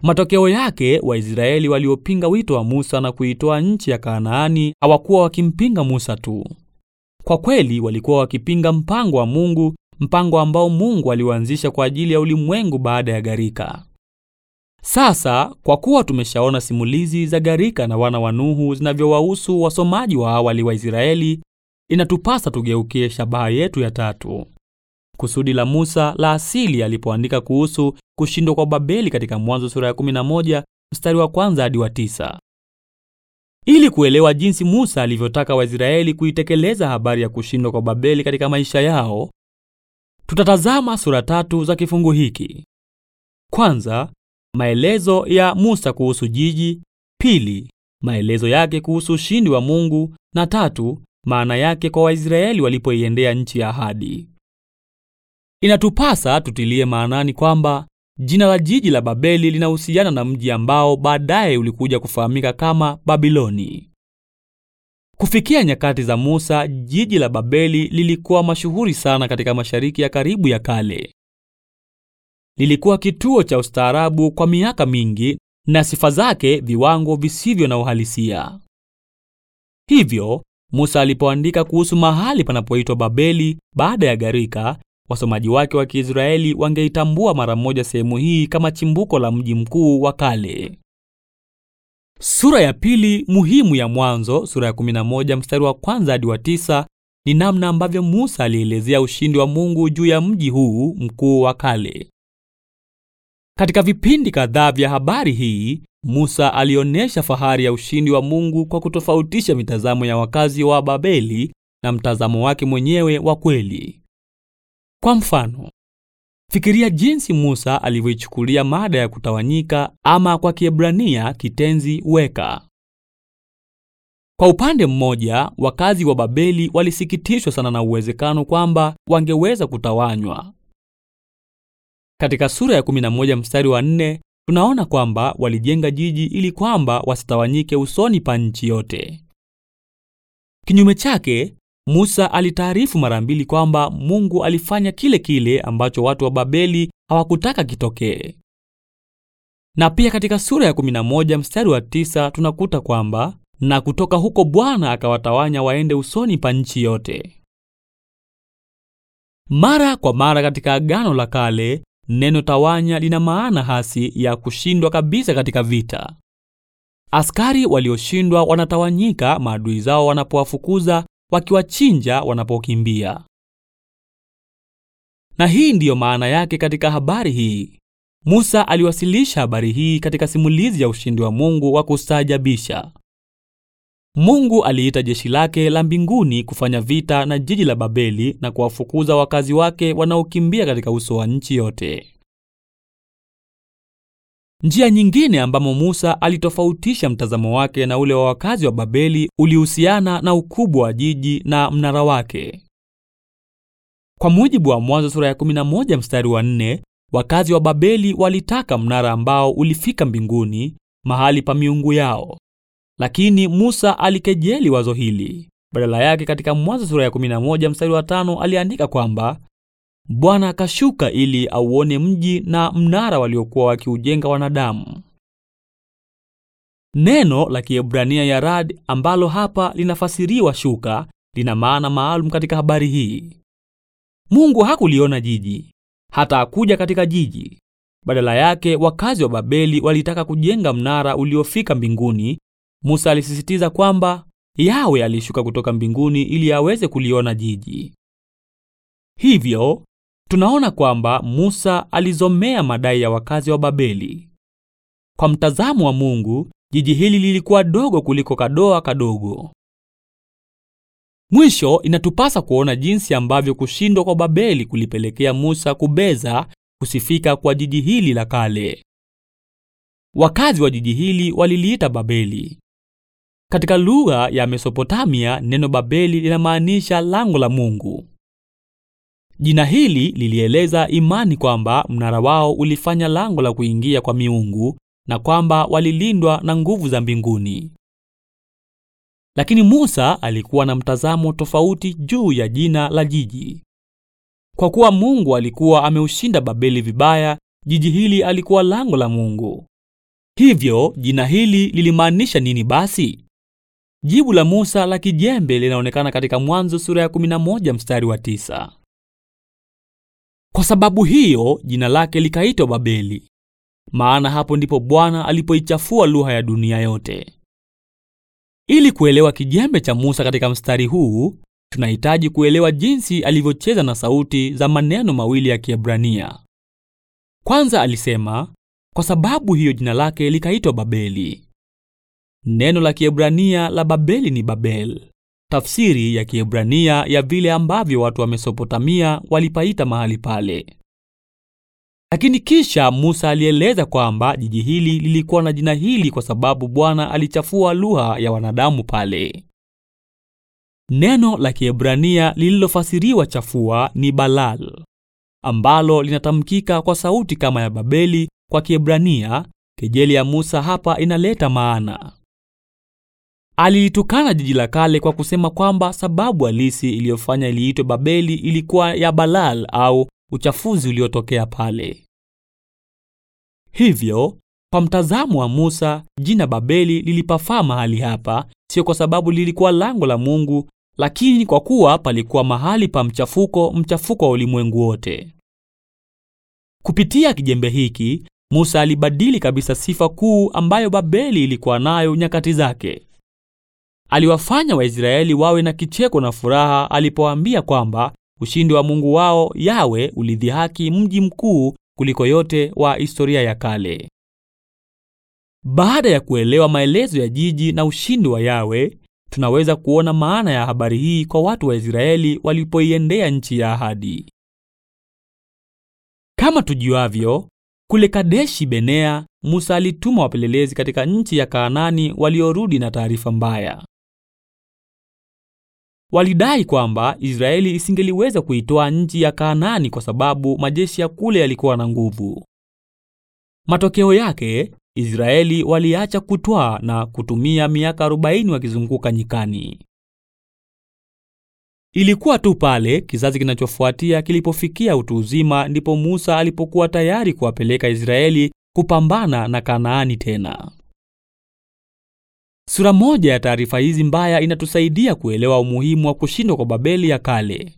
Matokeo yake, Waisraeli waliopinga wito wa Musa na kuitoa nchi ya Kaanaani hawakuwa wakimpinga Musa tu. Kwa kweli, walikuwa wakipinga mpango wa Mungu, mpango ambao Mungu aliuanzisha kwa ajili ya ulimwengu baada ya gharika. Sasa kwa kuwa tumeshaona simulizi za gharika na wana wa Nuhu zinavyowahusu wasomaji wa awali wa Israeli, inatupasa tugeukie shabaha yetu ya tatu, kusudi la Musa la asili alipoandika kuhusu kushindwa kwa Babeli katika Mwanzo sura ya 11 mstari wa kwanza hadi wa tisa. Ili kuelewa jinsi Musa alivyotaka Waisraeli kuitekeleza habari ya kushindwa kwa Babeli katika maisha yao, tutatazama sura tatu za kifungu hiki. Kwanza, maelezo ya Musa kuhusu jiji; pili, maelezo yake kuhusu ushindi wa Mungu; na tatu, maana yake kwa Waisraeli walipoiendea nchi ya ahadi. Inatupasa tutilie maanani kwamba jina la jiji la Babeli linahusiana na mji ambao baadaye ulikuja kufahamika kama Babiloni. Kufikia nyakati za Musa, jiji la Babeli lilikuwa mashuhuri sana katika mashariki ya karibu ya kale lilikuwa kituo cha ustaarabu kwa miaka mingi na sifa zake viwango visivyo na uhalisia. Hivyo Musa alipoandika kuhusu mahali panapoitwa Babeli baada ya garika wasomaji wake wa Kiisraeli wangeitambua mara moja sehemu hii kama chimbuko la mji mkuu wa kale. Sura ya pili muhimu ya Mwanzo, sura ya 11 mstari wa kwanza hadi wa tisa, ni namna ambavyo Musa alielezea ushindi wa Mungu juu ya mji huu mkuu wa kale. Katika vipindi kadhaa vya habari hii, Musa alionyesha fahari ya ushindi wa Mungu kwa kutofautisha mitazamo ya wakazi wa Babeli na mtazamo wake mwenyewe wa kweli. Kwa mfano, fikiria jinsi Musa alivyoichukulia mada ya kutawanyika ama kwa Kiebrania kitenzi weka. Kwa upande mmoja, wakazi wa Babeli walisikitishwa sana na uwezekano kwamba wangeweza kutawanywa. Katika sura ya 11 mstari wa 4 tunaona kwamba walijenga jiji ili kwamba wasitawanyike usoni pa nchi yote. Kinyume chake, Musa alitaarifu mara mbili kwamba Mungu alifanya kile kile ambacho watu wa Babeli hawakutaka kitokee. Na pia katika sura ya 11 mstari wa 9 tunakuta kwamba na kutoka huko Bwana akawatawanya waende usoni pa nchi yote. Mara kwa mara katika Agano la Kale Neno tawanya lina maana hasi ya kushindwa kabisa katika vita. Askari walioshindwa wanatawanyika maadui zao wanapowafukuza, wakiwachinja wanapokimbia. Na hii ndiyo maana yake katika habari hii. Musa aliwasilisha habari hii katika simulizi ya ushindi wa Mungu wa kustaajabisha. Mungu aliita jeshi lake la mbinguni kufanya vita na jiji la Babeli na kuwafukuza wakazi wake wanaokimbia katika uso wa nchi yote. Njia nyingine ambamo Musa alitofautisha mtazamo wake na ule wa wakazi wa Babeli ulihusiana na ukubwa wa jiji na mnara wake. Kwa mujibu wa Mwanzo sura ya 11 mstari wa 4, wakazi wa Babeli walitaka mnara ambao ulifika mbinguni, mahali pa miungu yao. Lakini Musa alikejeli wazo hili. Badala yake, katika Mwanzo sura ya 11 mstari wa tano aliandika kwamba Bwana akashuka ili auone mji na mnara waliokuwa wakiujenga wanadamu. Neno la Kiebrania yarad ambalo hapa linafasiriwa shuka lina maana maalum katika habari hii. Mungu hakuliona jiji, hata hakuja katika jiji. Badala yake, wakazi wa Babeli walitaka kujenga mnara uliofika mbinguni Musa alisisitiza kwamba Yawe alishuka kutoka mbinguni ili aweze kuliona jiji. Hivyo tunaona kwamba Musa alizomea madai ya wakazi wa Babeli. Kwa mtazamo wa Mungu, jiji hili lilikuwa dogo kuliko kadoa kadogo. Mwisho inatupasa kuona jinsi ambavyo kushindwa kwa Babeli kulipelekea Musa kubeza kusifika kwa jiji hili la kale. Wakazi wa jiji hili waliliita Babeli. Katika lugha ya Mesopotamia, neno Babeli linamaanisha lango la Mungu. Jina hili lilieleza imani kwamba mnara wao ulifanya lango la kuingia kwa miungu na kwamba walilindwa na nguvu za mbinguni. Lakini Musa alikuwa na mtazamo tofauti juu ya jina la jiji. Kwa kuwa Mungu alikuwa ameushinda Babeli vibaya, jiji hili alikuwa lango la Mungu. Hivyo jina hili lilimaanisha nini basi? Jibu la Musa la kijembe linaonekana katika Mwanzo sura ya 11 mstari wa tisa. Kwa sababu hiyo jina lake likaitwa Babeli, maana hapo ndipo Bwana alipoichafua lugha ya dunia yote. Ili kuelewa kijembe cha Musa katika mstari huu, tunahitaji kuelewa jinsi alivyocheza na sauti za maneno mawili ya Kiebrania. Kwanza alisema, kwa sababu hiyo jina lake likaitwa Babeli. Neno la Kiebrania la Babeli ni Babel, tafsiri ya Kiebrania ya vile ambavyo watu wa Mesopotamia walipaita mahali pale. Lakini kisha Musa alieleza kwamba jiji hili lilikuwa na jina hili kwa sababu Bwana alichafua lugha ya wanadamu pale. Neno la Kiebrania lililofasiriwa chafua ni balal, ambalo linatamkika kwa sauti kama ya Babeli kwa Kiebrania. Kejeli ya Musa hapa inaleta maana Aliitukana jiji la kale kwa kusema kwamba sababu halisi iliyofanya iliitwe Babeli ilikuwa ya balal au uchafuzi uliotokea pale. Hivyo, kwa mtazamo wa Musa, jina Babeli lilipafaa mahali hapa, sio kwa sababu lilikuwa lango la Mungu, lakini kwa kuwa palikuwa mahali pa mchafuko, mchafuko wa ulimwengu wote. Kupitia kijembe hiki, Musa alibadili kabisa sifa kuu ambayo Babeli ilikuwa nayo nyakati zake. Aliwafanya Waisraeli wawe na kicheko na furaha alipoambia kwamba ushindi wa Mungu wao Yawe ulidhihaki mji mkuu kuliko yote wa historia ya kale. Baada ya kuelewa maelezo ya jiji na ushindi wa Yawe, tunaweza kuona maana ya habari hii kwa watu wa Israeli walipoiendea nchi ya ahadi. Kama tujuavyo, kule Kadeshi Benea, Musa alituma wapelelezi katika nchi ya Kaanani waliorudi na taarifa mbaya. Walidai kwamba Israeli isingeliweza kuitoa nchi ya Kanaani kwa sababu majeshi ya kule yalikuwa na nguvu. Matokeo yake, Israeli waliacha kutwaa na kutumia miaka 40 wakizunguka nyikani. Ilikuwa tu pale kizazi kinachofuatia kilipofikia utu uzima ndipo Musa alipokuwa tayari kuwapeleka Israeli kupambana na Kanaani tena. Sura moja ya taarifa hizi mbaya inatusaidia kuelewa umuhimu wa kushindwa kwa Babeli ya kale.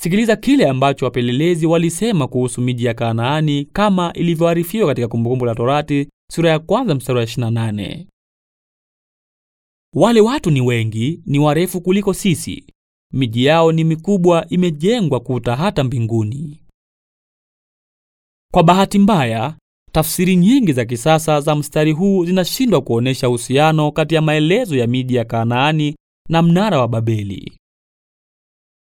Sikiliza kile ambacho wapelelezi walisema kuhusu miji ya Kanaani kama ilivyoarifiwa katika Kumbukumbu la Torati sura ya kwanza mstari wa 28. Wale watu ni wengi, ni warefu kuliko sisi. Miji yao ni mikubwa, imejengwa kuta hata mbinguni. Kwa bahati mbaya, Tafsiri nyingi za kisasa za mstari huu zinashindwa kuonesha uhusiano kati ya maelezo ya miji ya Kanaani na mnara wa Babeli.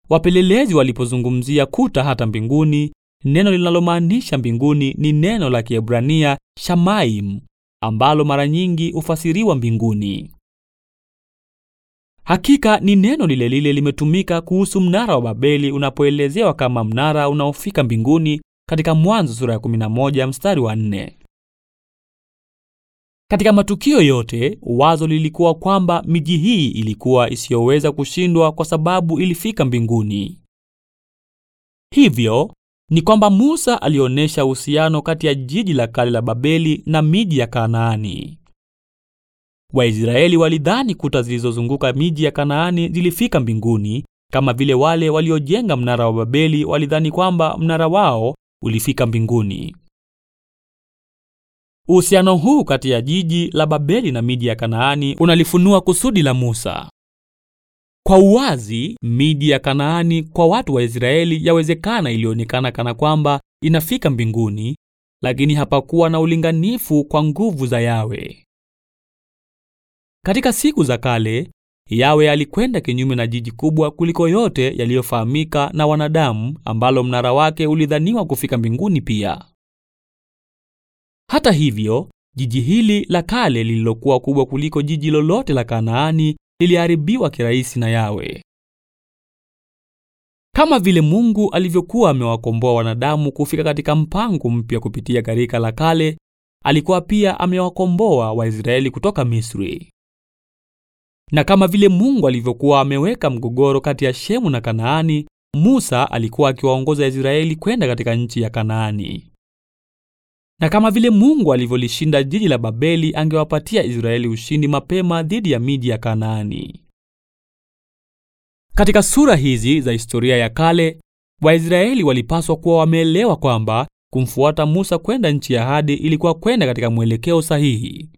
Wapelelezi walipozungumzia kuta hata mbinguni, neno linalomaanisha mbinguni ni neno la Kiebrania shamaim ambalo mara nyingi hufasiriwa mbinguni. Hakika ni neno lile lile limetumika kuhusu mnara wa Babeli unapoelezewa kama mnara unaofika mbinguni katika Mwanzo sura ya 11 mstari wa 4. Katika matukio yote, wazo lilikuwa kwamba miji hii ilikuwa isiyoweza kushindwa kwa sababu ilifika mbinguni. Hivyo ni kwamba Musa alionyesha uhusiano kati ya jiji la kale la Babeli na miji ya Kanaani. Waisraeli walidhani kuta zilizozunguka miji ya Kanaani zilifika mbinguni, kama vile wale waliojenga mnara wa Babeli walidhani kwamba mnara wao ulifika mbinguni. Uhusiano huu kati ya jiji la Babeli na miji ya Kanaani unalifunua kusudi la Musa kwa uwazi. Miji ya Kanaani kwa watu wa Israeli yawezekana ilionekana kana kwamba inafika mbinguni, lakini hapakuwa na ulinganifu kwa nguvu za Yawe. Katika siku za kale, Yawe alikwenda kinyume na jiji kubwa kuliko yote yaliyofahamika na wanadamu ambalo mnara wake ulidhaniwa kufika mbinguni pia. Hata hivyo, jiji hili la kale lililokuwa kubwa kuliko jiji lolote la Kanaani liliharibiwa kirahisi na Yawe. Kama vile Mungu alivyokuwa amewakomboa wanadamu kufika katika mpango mpya kupitia gharika la kale, alikuwa pia amewakomboa Waisraeli kutoka Misri. Na kama vile Mungu alivyokuwa ameweka mgogoro kati ya Shemu na Kanaani, Musa alikuwa akiwaongoza Israeli kwenda katika nchi ya Kanaani. Na kama vile Mungu alivyolishinda jiji la Babeli, angewapatia Israeli ushindi mapema dhidi ya miji ya Kanaani. Katika sura hizi za historia ya kale, Waisraeli walipaswa kuwa wameelewa kwamba kumfuata Musa kwenda nchi ya hadi ilikuwa kwenda katika mwelekeo sahihi.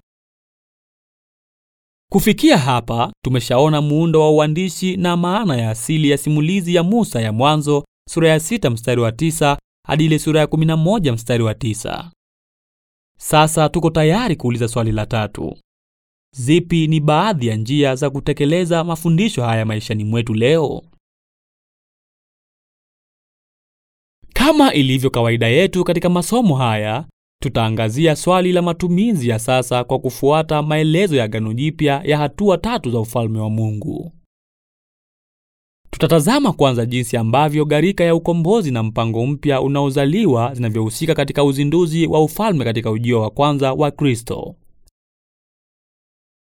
Kufikia hapa tumeshaona muundo wa uandishi na maana ya asili ya simulizi ya Musa ya Mwanzo sura ya sita mstari wa tisa hadi ile sura ya moja mstari wa tisa. Sasa tuko tayari kuuliza swali la tatu. Zipi ni baadhi ya njia za kutekeleza mafundisho haya maishani mwetu leo? Kama ilivyo kawaida yetu katika masomo haya, Tutaangazia swali la matumizi ya sasa kwa kufuata maelezo ya Agano Jipya ya hatua tatu za ufalme wa Mungu. Tutatazama kwanza jinsi ambavyo gharika ya ukombozi na mpango mpya unaozaliwa zinavyohusika katika uzinduzi wa ufalme katika ujio wa kwanza wa Kristo.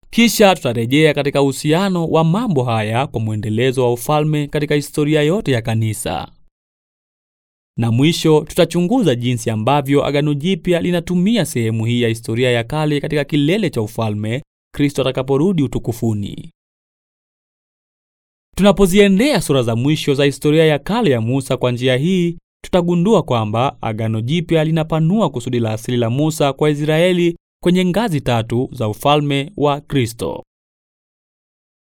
Kisha tutarejea katika uhusiano wa mambo haya kwa mwendelezo wa ufalme katika historia yote ya kanisa. Na mwisho tutachunguza jinsi ambavyo Agano Jipya linatumia sehemu hii ya historia ya kale katika kilele cha ufalme Kristo atakaporudi utukufuni. Tunapoziendea sura za mwisho za historia ya kale ya Musa kwa njia hii, tutagundua kwamba Agano Jipya linapanua kusudi la asili la Musa kwa Israeli kwenye ngazi tatu za ufalme wa Kristo.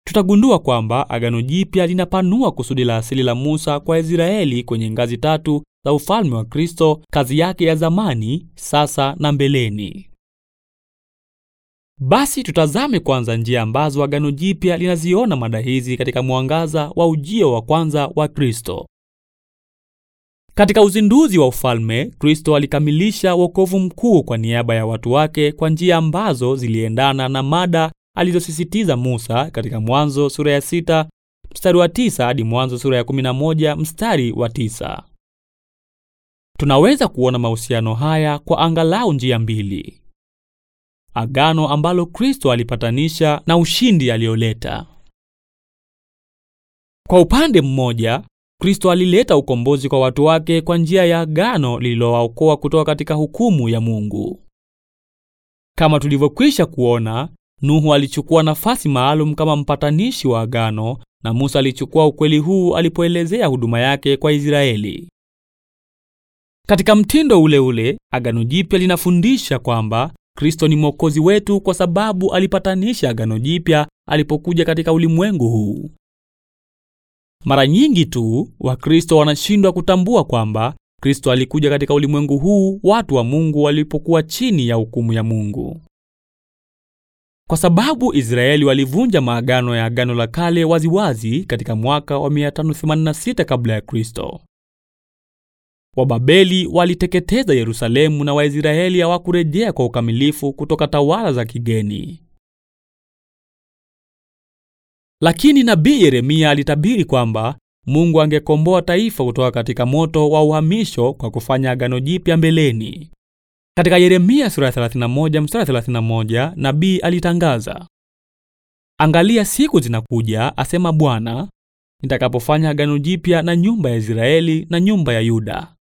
Tutagundua kwamba Agano Jipya linapanua kusudi la asili la Musa kwa Israeli kwenye ngazi tatu za ufalme wa Kristo, kazi yake ya zamani, sasa na mbeleni. Basi tutazame kwanza njia ambazo Agano Jipya linaziona mada hizi katika mwangaza wa ujio wa kwanza wa Kristo. Katika uzinduzi wa ufalme, Kristo alikamilisha wokovu mkuu kwa niaba ya watu wake kwa njia ambazo ziliendana na mada alizosisitiza Musa katika Mwanzo sura ya sita mstari wa tisa hadi Mwanzo sura ya moja mstari wa tisa. Tunaweza kuona mahusiano haya kwa angalau njia mbili: agano ambalo Kristo alipatanisha na ushindi aliyoleta Kwa upande mmoja, Kristo alileta ukombozi kwa watu wake kwa njia ya agano lililowaokoa kutoka katika hukumu ya Mungu. Kama tulivyokwisha kuona, Nuhu alichukua nafasi maalum kama mpatanishi wa agano na Musa alichukua ukweli huu alipoelezea huduma yake kwa Israeli. Katika mtindo ule ule, Agano Jipya linafundisha kwamba Kristo ni Mwokozi wetu kwa sababu alipatanisha Agano Jipya alipokuja katika ulimwengu huu. Mara nyingi tu Wakristo wanashindwa kutambua kwamba Kristo alikuja katika ulimwengu huu watu wa Mungu walipokuwa chini ya hukumu ya Mungu. Kwa sababu Israeli walivunja maagano ya Agano la Kale waziwazi katika mwaka wa 586 kabla ya Kristo. Wababeli waliteketeza Yerusalemu na Waisraeli hawakurejea kwa ukamilifu kutoka tawala za kigeni. Lakini nabii Yeremia alitabiri kwamba Mungu angekomboa taifa kutoka katika moto wa uhamisho kwa kufanya agano jipya mbeleni. Katika Yeremia sura ya 31 mstari 31, nabii alitangaza, angalia siku zinakuja, asema Bwana, nitakapofanya agano jipya na nyumba ya Israeli na nyumba ya Yuda,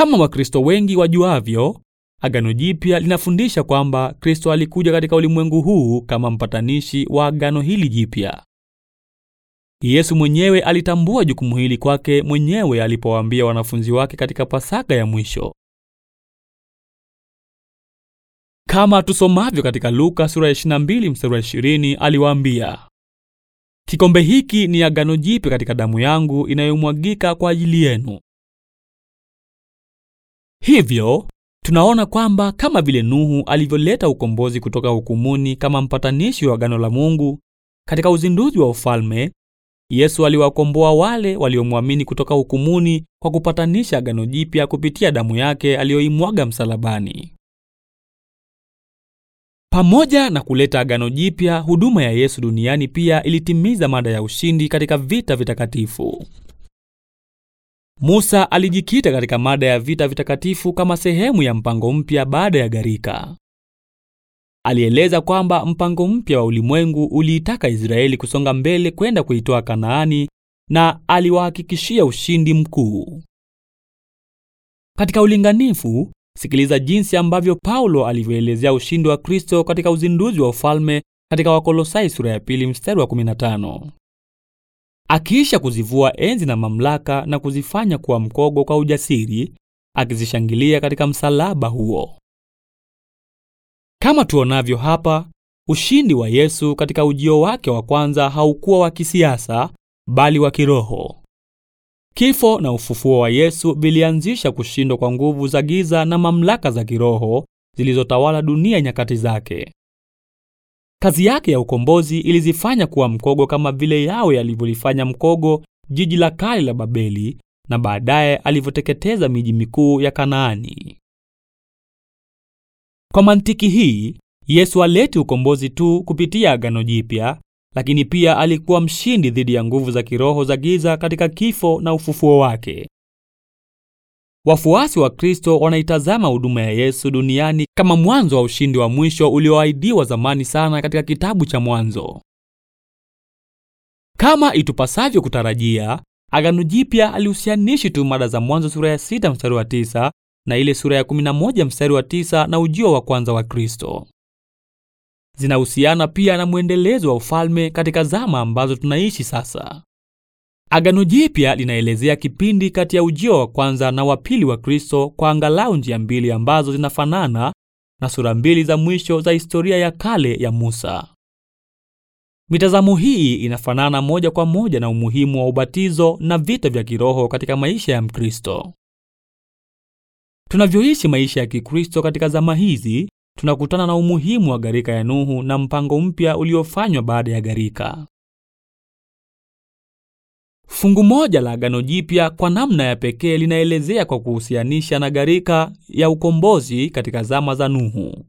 kama Wakristo wengi wajuavyo, Agano Jipya linafundisha kwamba Kristo alikuja katika ulimwengu huu kama mpatanishi wa agano hili jipya. Yesu mwenyewe alitambua jukumu hili kwake mwenyewe alipowaambia wanafunzi wake katika Pasaka ya mwisho. Kama tusomavyo katika Luka sura ya 22 mstari 20, aliwaambia, Kikombe hiki ni agano jipya katika damu yangu inayomwagika kwa ajili yenu. Hivyo tunaona kwamba kama vile Nuhu alivyoleta ukombozi kutoka hukumuni kama mpatanishi wa gano la Mungu katika uzinduzi wa ufalme, Yesu aliwakomboa wale waliomwamini kutoka hukumuni kwa kupatanisha agano jipya kupitia damu yake aliyoimwaga msalabani. Pamoja na kuleta agano jipya, huduma ya Yesu duniani pia ilitimiza mada ya ushindi katika vita vitakatifu. Musa alijikita katika mada ya vita vitakatifu kama sehemu ya mpango mpya baada ya gharika. Alieleza kwamba mpango mpya wa ulimwengu uliitaka Israeli kusonga mbele kwenda kuitoa Kanaani na aliwahakikishia ushindi mkuu. Katika ulinganifu, sikiliza jinsi ambavyo Paulo alivyoelezea ushindi wa Kristo katika uzinduzi wa ufalme katika Wakolosai sura ya pili mstari wa 15 akiisha kuzivua enzi na mamlaka na kuzifanya kuwa mkogo kwa ujasiri, akizishangilia katika msalaba huo. Kama tuonavyo hapa, ushindi wa Yesu katika ujio wake wa kwanza haukuwa wa kisiasa, bali wa kiroho. Kifo na ufufuo wa Yesu vilianzisha kushindwa kwa nguvu za giza na mamlaka za kiroho zilizotawala dunia nyakati zake. Kazi yake ya ukombozi ilizifanya kuwa mkogo kama vile yao yalivyolifanya mkogo jiji la kale la Babeli na baadaye alivyoteketeza miji mikuu ya Kanaani. Kwa mantiki hii, Yesu aleti ukombozi tu kupitia agano jipya, lakini pia alikuwa mshindi dhidi ya nguvu za kiroho za giza katika kifo na ufufuo wake. Wafuasi wa Kristo wanaitazama huduma ya Yesu duniani kama mwanzo wa ushindi wa mwisho ulioahidiwa zamani sana katika kitabu cha Mwanzo. Kama itupasavyo kutarajia, Agano Jipya alihusianishi tu mada za Mwanzo sura ya sita mstari wa tisa na ile sura ya moja mstari wa tisa na ujio wa kwanza wa Kristo. Zinahusiana pia na mwendelezo wa ufalme katika zama ambazo tunaishi sasa. Agano Jipya linaelezea kipindi kati ya ujio wa kwanza na wa pili wa Kristo kwa angalau njia mbili ambazo zinafanana na sura mbili za mwisho za historia ya kale ya Musa. Mitazamo hii inafanana moja kwa moja na umuhimu wa ubatizo na vita vya kiroho katika maisha ya Mkristo. Tunavyoishi maisha ya Kikristo katika zama hizi, tunakutana na umuhimu wa gharika ya Nuhu na mpango mpya uliofanywa baada ya gharika. Fungu moja la Agano Jipya kwa namna ya pekee linaelezea kwa kuhusianisha na gharika ya ukombozi katika zama za Nuhu.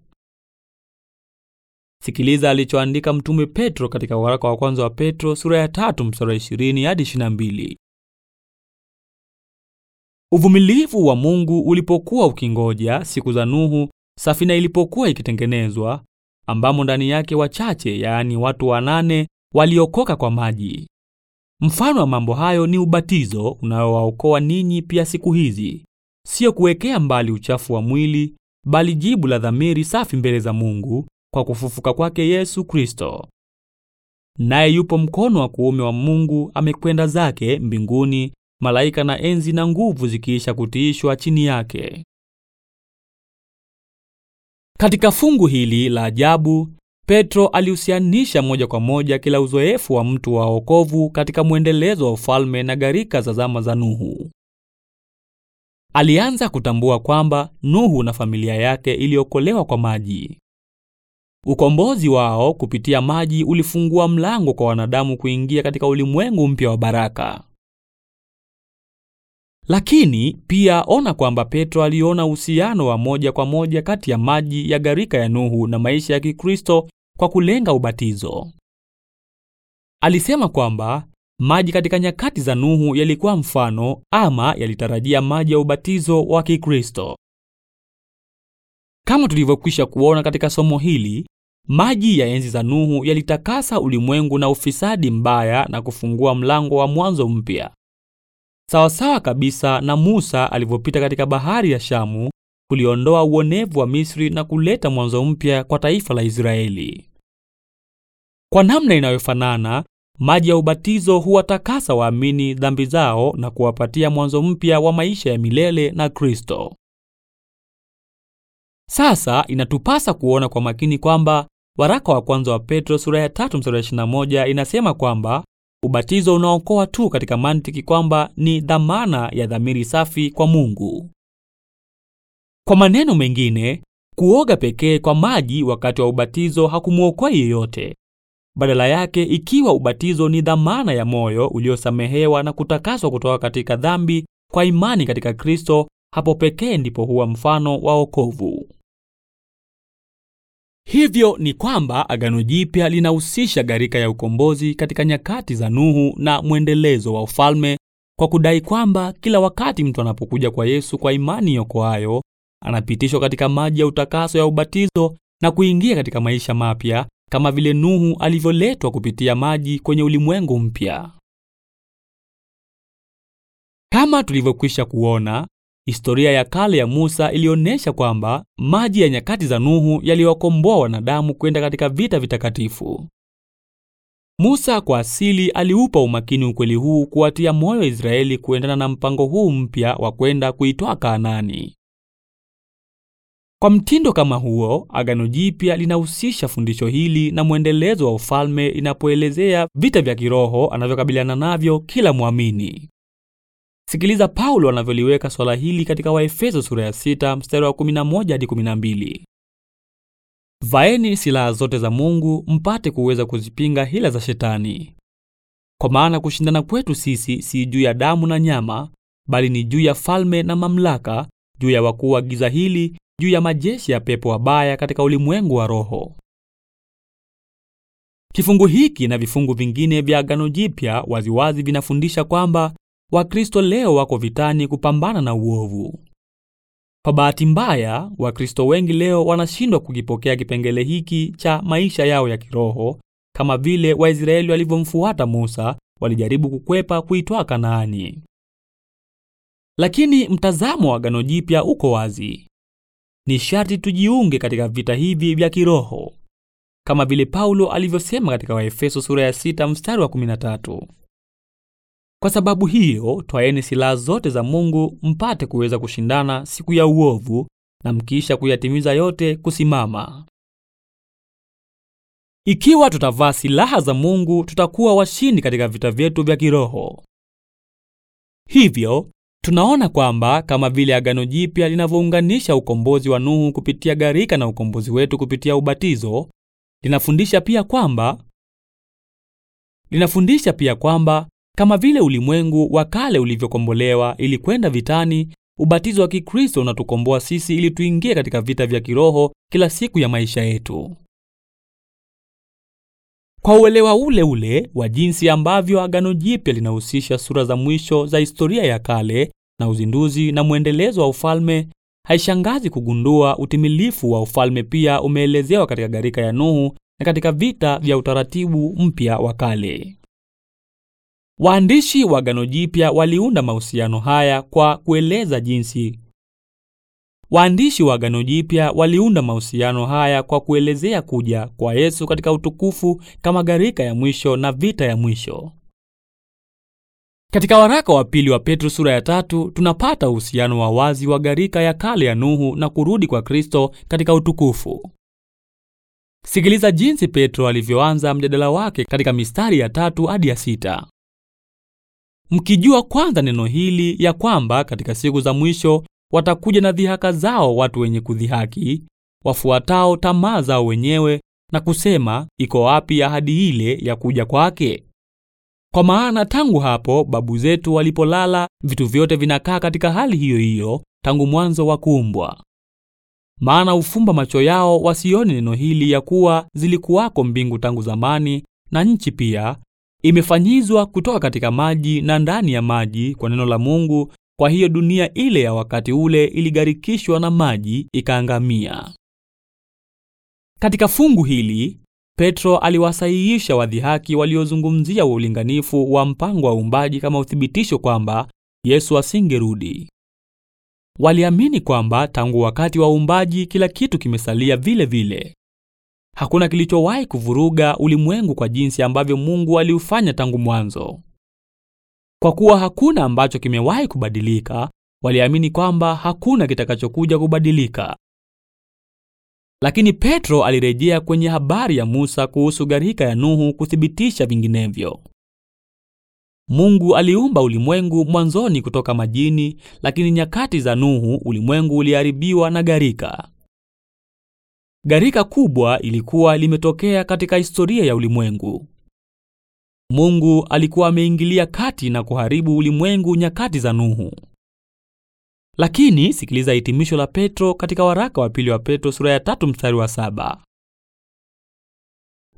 Sikiliza alichoandika Mtume Petro katika waraka wa kwanza wa Petro sura ya tatu mstari 20 hadi mbili Uvumilivu wa Mungu ulipokuwa ukingoja siku za Nuhu, safina ilipokuwa ikitengenezwa, ambamo ndani yake wachache, yaani watu wanane, waliokoka kwa maji. Mfano wa mambo hayo ni ubatizo unaowaokoa ninyi pia siku hizi, sio kuwekea mbali uchafu wa mwili, bali jibu la dhamiri safi mbele za Mungu kwa kufufuka kwake Yesu Kristo. Naye yupo mkono wa kuume wa Mungu, amekwenda zake mbinguni, malaika na enzi na nguvu zikiisha kutiishwa chini yake. Katika fungu hili la ajabu Petro alihusianisha moja kwa moja kila uzoefu wa mtu wa okovu katika mwendelezo wa ufalme na gharika za zama za Nuhu. Alianza kutambua kwamba Nuhu na familia yake iliokolewa kwa maji. Ukombozi wao kupitia maji ulifungua mlango kwa wanadamu kuingia katika ulimwengu mpya wa baraka. Lakini pia ona kwamba Petro aliona uhusiano wa moja kwa moja kati ya maji ya gharika ya Nuhu na maisha ya Kikristo kwa kulenga ubatizo. Alisema kwamba maji katika nyakati za Nuhu yalikuwa mfano ama yalitarajia maji ya ubatizo wa Kikristo. Kama tulivyokwisha kuona katika somo hili, maji ya enzi za Nuhu yalitakasa ulimwengu na ufisadi mbaya na kufungua mlango wa mwanzo mpya. Sawasawa kabisa na Musa alivyopita katika bahari ya Shamu kuliondoa uonevu wa Misri na kuleta mwanzo mpya kwa taifa la Israeli. Kwa namna inayofanana, maji ya ubatizo huwatakasa waamini dhambi zao na kuwapatia mwanzo mpya wa maisha ya milele na Kristo. Sasa inatupasa kuona kwa makini kwamba waraka wa kwanza wa Petro sura ya 3 mstari wa 21 inasema kwamba ubatizo unaokoa tu katika mantiki kwamba ni dhamana ya dhamiri safi kwa Mungu. Kwa maneno mengine, kuoga pekee kwa maji wakati wa ubatizo hakumwokoa yeyote, badala yake, ikiwa ubatizo ni dhamana ya moyo uliosamehewa na kutakaswa kutoka katika dhambi kwa imani katika Kristo, hapo pekee ndipo huwa mfano wa wokovu. Hivyo ni kwamba Agano Jipya linahusisha gharika ya ukombozi katika nyakati za Nuhu na mwendelezo wa ufalme kwa kudai kwamba kila wakati mtu anapokuja kwa Yesu kwa imani yokoayo, anapitishwa katika maji ya utakaso ya ubatizo na kuingia katika maisha mapya kama vile Nuhu alivyoletwa kupitia maji kwenye ulimwengu mpya. Kama tulivyokwisha kuona, historia ya kale ya Musa ilionyesha kwamba maji ya nyakati za Nuhu yaliwakomboa wanadamu kwenda katika vita vitakatifu. Musa kwa asili aliupa umakini ukweli huu kuwatia moyo Israeli kuendana na mpango huu mpya wa kwenda kuitoa Kanaani. Kwa mtindo kama huo, Agano Jipya linahusisha fundisho hili na mwendelezo wa ufalme inapoelezea vita vya kiroho anavyokabiliana navyo kila mwamini. Sikiliza Paulo anavyoliweka swala hili katika Waefeso sura ya 6 mstari wa 11 hadi 12. Vaeni silaha zote za Mungu mpate kuweza kuzipinga hila za Shetani. Kwa maana kushindana kwetu sisi si juu ya damu na nyama, bali ni juu ya falme na mamlaka, juu ya wakuu wa giza hili, juu ya majeshi ya pepo wabaya katika ulimwengu wa roho. Kifungu hiki na vifungu vingine vya Agano Jipya waziwazi vinafundisha kwamba Wakristo leo wako vitani kupambana na uovu. Kwa bahati mbaya, Wakristo wengi leo wanashindwa kukipokea kipengele hiki cha maisha yao ya kiroho, kama vile Waisraeli walivyomfuata Musa, walijaribu kukwepa kuitwa Kanaani. Lakini mtazamo wa Agano Jipya uko wazi ni sharti tujiunge katika vita hivi vya kiroho, kama vile Paulo alivyosema katika Waefeso sura ya 6 mstari wa 13. Kwa sababu hiyo, twaeni silaha zote za Mungu mpate kuweza kushindana siku ya uovu, na mkiisha kuyatimiza yote, kusimama. Ikiwa tutavaa silaha za Mungu, tutakuwa washindi katika vita vyetu vya kiroho. Hivyo Tunaona kwamba kama vile Agano Jipya linavyounganisha ukombozi wa Nuhu kupitia gharika na ukombozi wetu kupitia ubatizo, linafundisha pia kwamba linafundisha pia kwamba kama vile ulimwengu wa kale ulivyokombolewa ili kwenda vitani, ubatizo wa Kikristo unatukomboa sisi ili tuingie katika vita vya kiroho kila siku ya maisha yetu. Kwa uelewa ule ule wa jinsi ambavyo Agano Jipya linahusisha sura za mwisho za historia ya kale na uzinduzi na mwendelezo wa ufalme, haishangazi kugundua utimilifu wa ufalme pia umeelezewa katika gharika ya Nuhu na katika vita vya utaratibu mpya wa kale. Waandishi wa Agano Jipya waliunda mahusiano haya kwa kueleza jinsi Waandishi wa Agano Jipya waliunda mahusiano haya kwa kuelezea kuja kwa Yesu katika utukufu kama gharika ya mwisho na vita ya mwisho. Katika waraka wa pili wa Petro sura ya tatu tunapata uhusiano wa wazi wa gharika ya kale ya Nuhu na kurudi kwa Kristo katika utukufu. Sikiliza jinsi Petro alivyoanza mjadala wake katika mistari ya tatu hadi ya sita. Mkijua kwanza neno hili ya kwamba katika siku za mwisho Watakuja na dhihaka zao watu wenye kudhihaki, wafuatao tamaa zao wenyewe na kusema, iko wapi ahadi ile ya kuja kwake? Kwa maana tangu hapo babu zetu walipolala, vitu vyote vinakaa katika hali hiyo hiyo tangu mwanzo wa kuumbwa. Maana ufumba macho yao wasione neno hili ya kuwa zilikuwako mbingu tangu zamani, na nchi pia imefanyizwa kutoka katika maji na ndani ya maji kwa neno la Mungu kwa hiyo dunia ile ya wakati ule iligarikishwa na maji ikaangamia. Katika fungu hili Petro aliwasahihisha wadhihaki waliozungumzia wa ulinganifu wa mpango wa uumbaji kama uthibitisho kwamba Yesu asingerudi. Waliamini kwamba tangu wakati wa uumbaji kila kitu kimesalia vile vile. Hakuna kilichowahi kuvuruga ulimwengu kwa jinsi ambavyo Mungu aliufanya tangu mwanzo. Kwa kuwa hakuna ambacho kimewahi kubadilika, waliamini kwamba hakuna kitakachokuja kubadilika. Lakini Petro alirejea kwenye habari ya Musa kuhusu gharika ya Nuhu kuthibitisha vinginevyo. Mungu aliumba ulimwengu mwanzoni kutoka majini, lakini nyakati za Nuhu ulimwengu uliharibiwa na gharika. Gharika kubwa ilikuwa limetokea katika historia ya ulimwengu. Mungu alikuwa ameingilia kati na kuharibu ulimwengu nyakati za Nuhu. Lakini sikiliza hitimisho la Petro katika waraka wa pili wa Petro sura ya tatu mstari wa saba.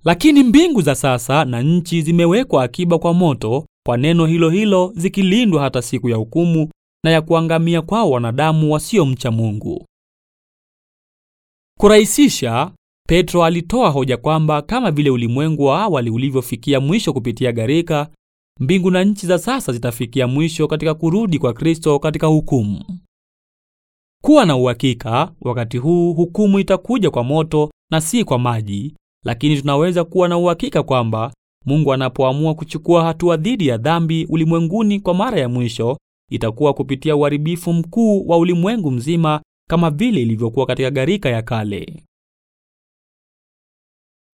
Lakini mbingu za sasa na nchi zimewekwa akiba kwa moto kwa neno hilo hilo zikilindwa hata siku ya hukumu na ya kuangamia kwao wanadamu wasiomcha Mungu. Kurahisisha, Petro alitoa hoja kwamba kama vile ulimwengu wa awali ulivyofikia mwisho kupitia gharika, mbingu na nchi za sasa zitafikia mwisho katika kurudi kwa Kristo katika hukumu. Kuwa na uhakika, wakati huu hukumu itakuja kwa moto na si kwa maji, lakini tunaweza kuwa na uhakika kwamba Mungu anapoamua kuchukua hatua dhidi ya dhambi ulimwenguni kwa mara ya mwisho, itakuwa kupitia uharibifu mkuu wa ulimwengu mzima kama vile ilivyokuwa katika gharika ya kale.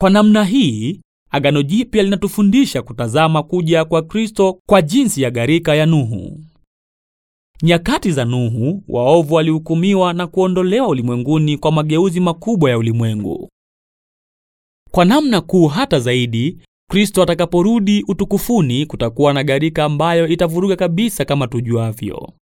Kwa namna hii, Agano Jipya linatufundisha kutazama kuja kwa Kristo kwa jinsi ya gharika ya Nuhu. Nyakati za Nuhu, waovu walihukumiwa na kuondolewa ulimwenguni kwa mageuzi makubwa ya ulimwengu. Kwa namna kuu hata zaidi, Kristo atakaporudi utukufuni, kutakuwa na gharika ambayo itavuruga kabisa kama tujuavyo.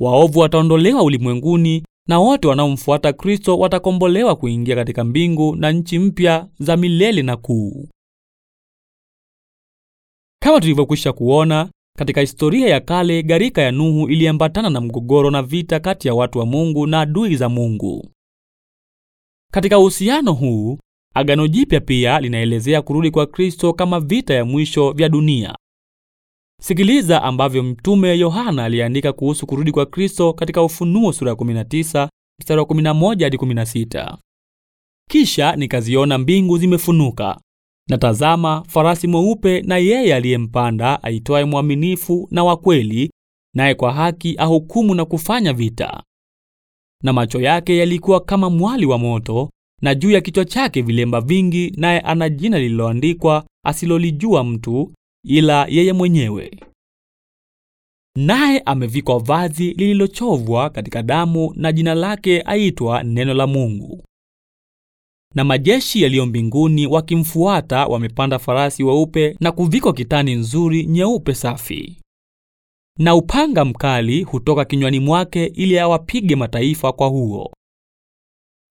Waovu wataondolewa ulimwenguni na wote wanaomfuata Kristo watakombolewa kuingia katika mbingu na nchi mpya za milele na kuu. Kama tulivyokwisha kuona katika historia ya kale, gharika ya Nuhu iliambatana na mgogoro na vita kati ya watu wa Mungu na adui za Mungu. Katika uhusiano huu, Agano Jipya pia linaelezea kurudi kwa Kristo kama vita ya mwisho vya dunia. Sikiliza ambavyo Mtume Yohana aliandika kuhusu kurudi kwa Kristo katika Ufunuo sura ya 19 mstari wa 11 hadi 16. Kisha nikaziona mbingu zimefunuka na tazama, farasi mweupe, na yeye aliyempanda aitwaye Mwaminifu na wa kweli, naye kwa haki ahukumu na kufanya vita. Na macho yake yalikuwa kama mwali wa moto, na juu ya kichwa chake vilemba vingi, naye ana jina lililoandikwa asilolijua mtu ila yeye mwenyewe, naye amevikwa vazi lililochovwa katika damu, na jina lake aitwa Neno la Mungu. Na majeshi yaliyo mbinguni wakimfuata wamepanda farasi weupe na kuvikwa kitani nzuri nyeupe safi, na upanga mkali hutoka kinywani mwake ili awapige mataifa kwa huo,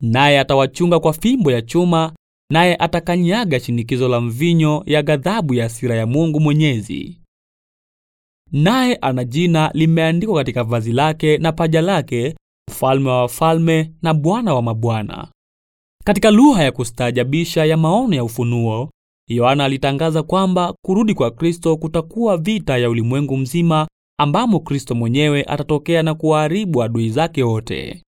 naye atawachunga kwa fimbo ya chuma naye atakanyaga shinikizo la mvinyo ya ghadhabu ya asira ya Mungu Mwenyezi. Naye ana jina limeandikwa katika vazi lake na paja lake, mfalme wa wafalme na bwana wa mabwana. Katika lugha ya kustaajabisha ya maono ya ufunuo, Yohana alitangaza kwamba kurudi kwa Kristo kutakuwa vita ya ulimwengu mzima ambamo Kristo mwenyewe atatokea na kuwaharibu adui zake wote.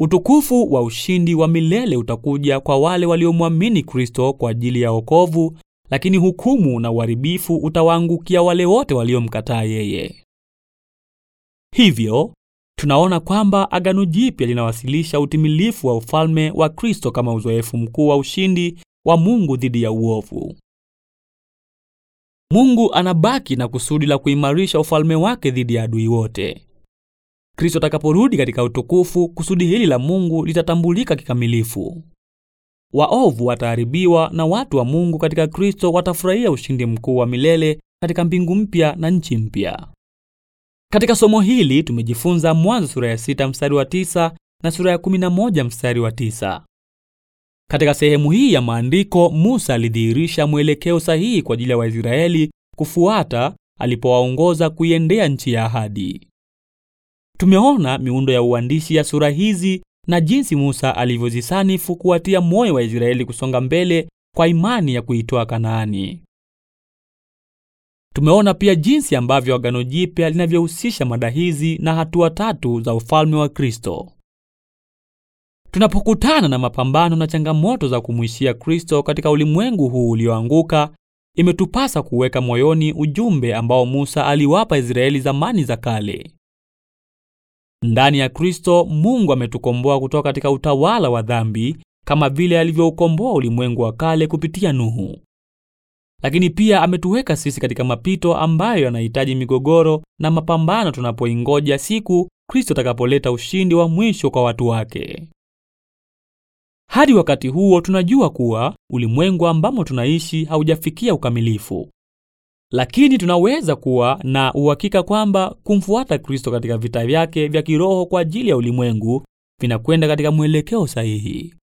Utukufu wa ushindi wa milele utakuja kwa wale waliomwamini Kristo kwa ajili ya wokovu, lakini hukumu na uharibifu utawaangukia wale wote waliomkataa yeye. Hivyo tunaona kwamba Agano Jipya linawasilisha utimilifu wa ufalme wa Kristo kama uzoefu mkuu wa ushindi wa Mungu dhidi ya uovu. Mungu anabaki na kusudi la kuimarisha ufalme wake dhidi ya adui wote. Kristo atakaporudi katika utukufu, kusudi hili la Mungu litatambulika kikamilifu. Waovu wataharibiwa na watu wa Mungu katika Kristo watafurahia ushindi mkuu wa milele katika mbingu mpya na nchi mpya. Katika somo hili tumejifunza Mwanzo sura ya sita mstari wa tisa na sura ya kumi na moja mstari wa tisa. Katika sehemu hii ya maandiko, Musa alidhihirisha mwelekeo sahihi kwa ajili ya Waisraeli kufuata alipowaongoza kuiendea nchi ya ahadi. Tumeona miundo ya uandishi ya sura hizi na jinsi Musa alivyozisanifu kuwatia moyo wa Israeli kusonga mbele kwa imani ya kuitoa Kanaani. Tumeona pia jinsi ambavyo Agano Jipya linavyohusisha mada hizi na hatua tatu za ufalme wa Kristo. Tunapokutana na mapambano na changamoto za kumwishia Kristo katika ulimwengu huu ulioanguka, imetupasa kuweka moyoni ujumbe ambao Musa aliwapa Israeli zamani za kale. Ndani ya Kristo Mungu ametukomboa kutoka katika utawala wa dhambi kama vile alivyoukomboa ulimwengu wa kale kupitia Nuhu. Lakini pia ametuweka sisi katika mapito ambayo yanahitaji migogoro na mapambano tunapoingoja siku Kristo atakapoleta ushindi wa mwisho kwa watu wake. Hadi wakati huo tunajua kuwa ulimwengu ambamo tunaishi haujafikia ukamilifu lakini tunaweza kuwa na uhakika kwamba kumfuata Kristo katika vita vyake vya kiroho kwa ajili ya ulimwengu vinakwenda katika mwelekeo sahihi.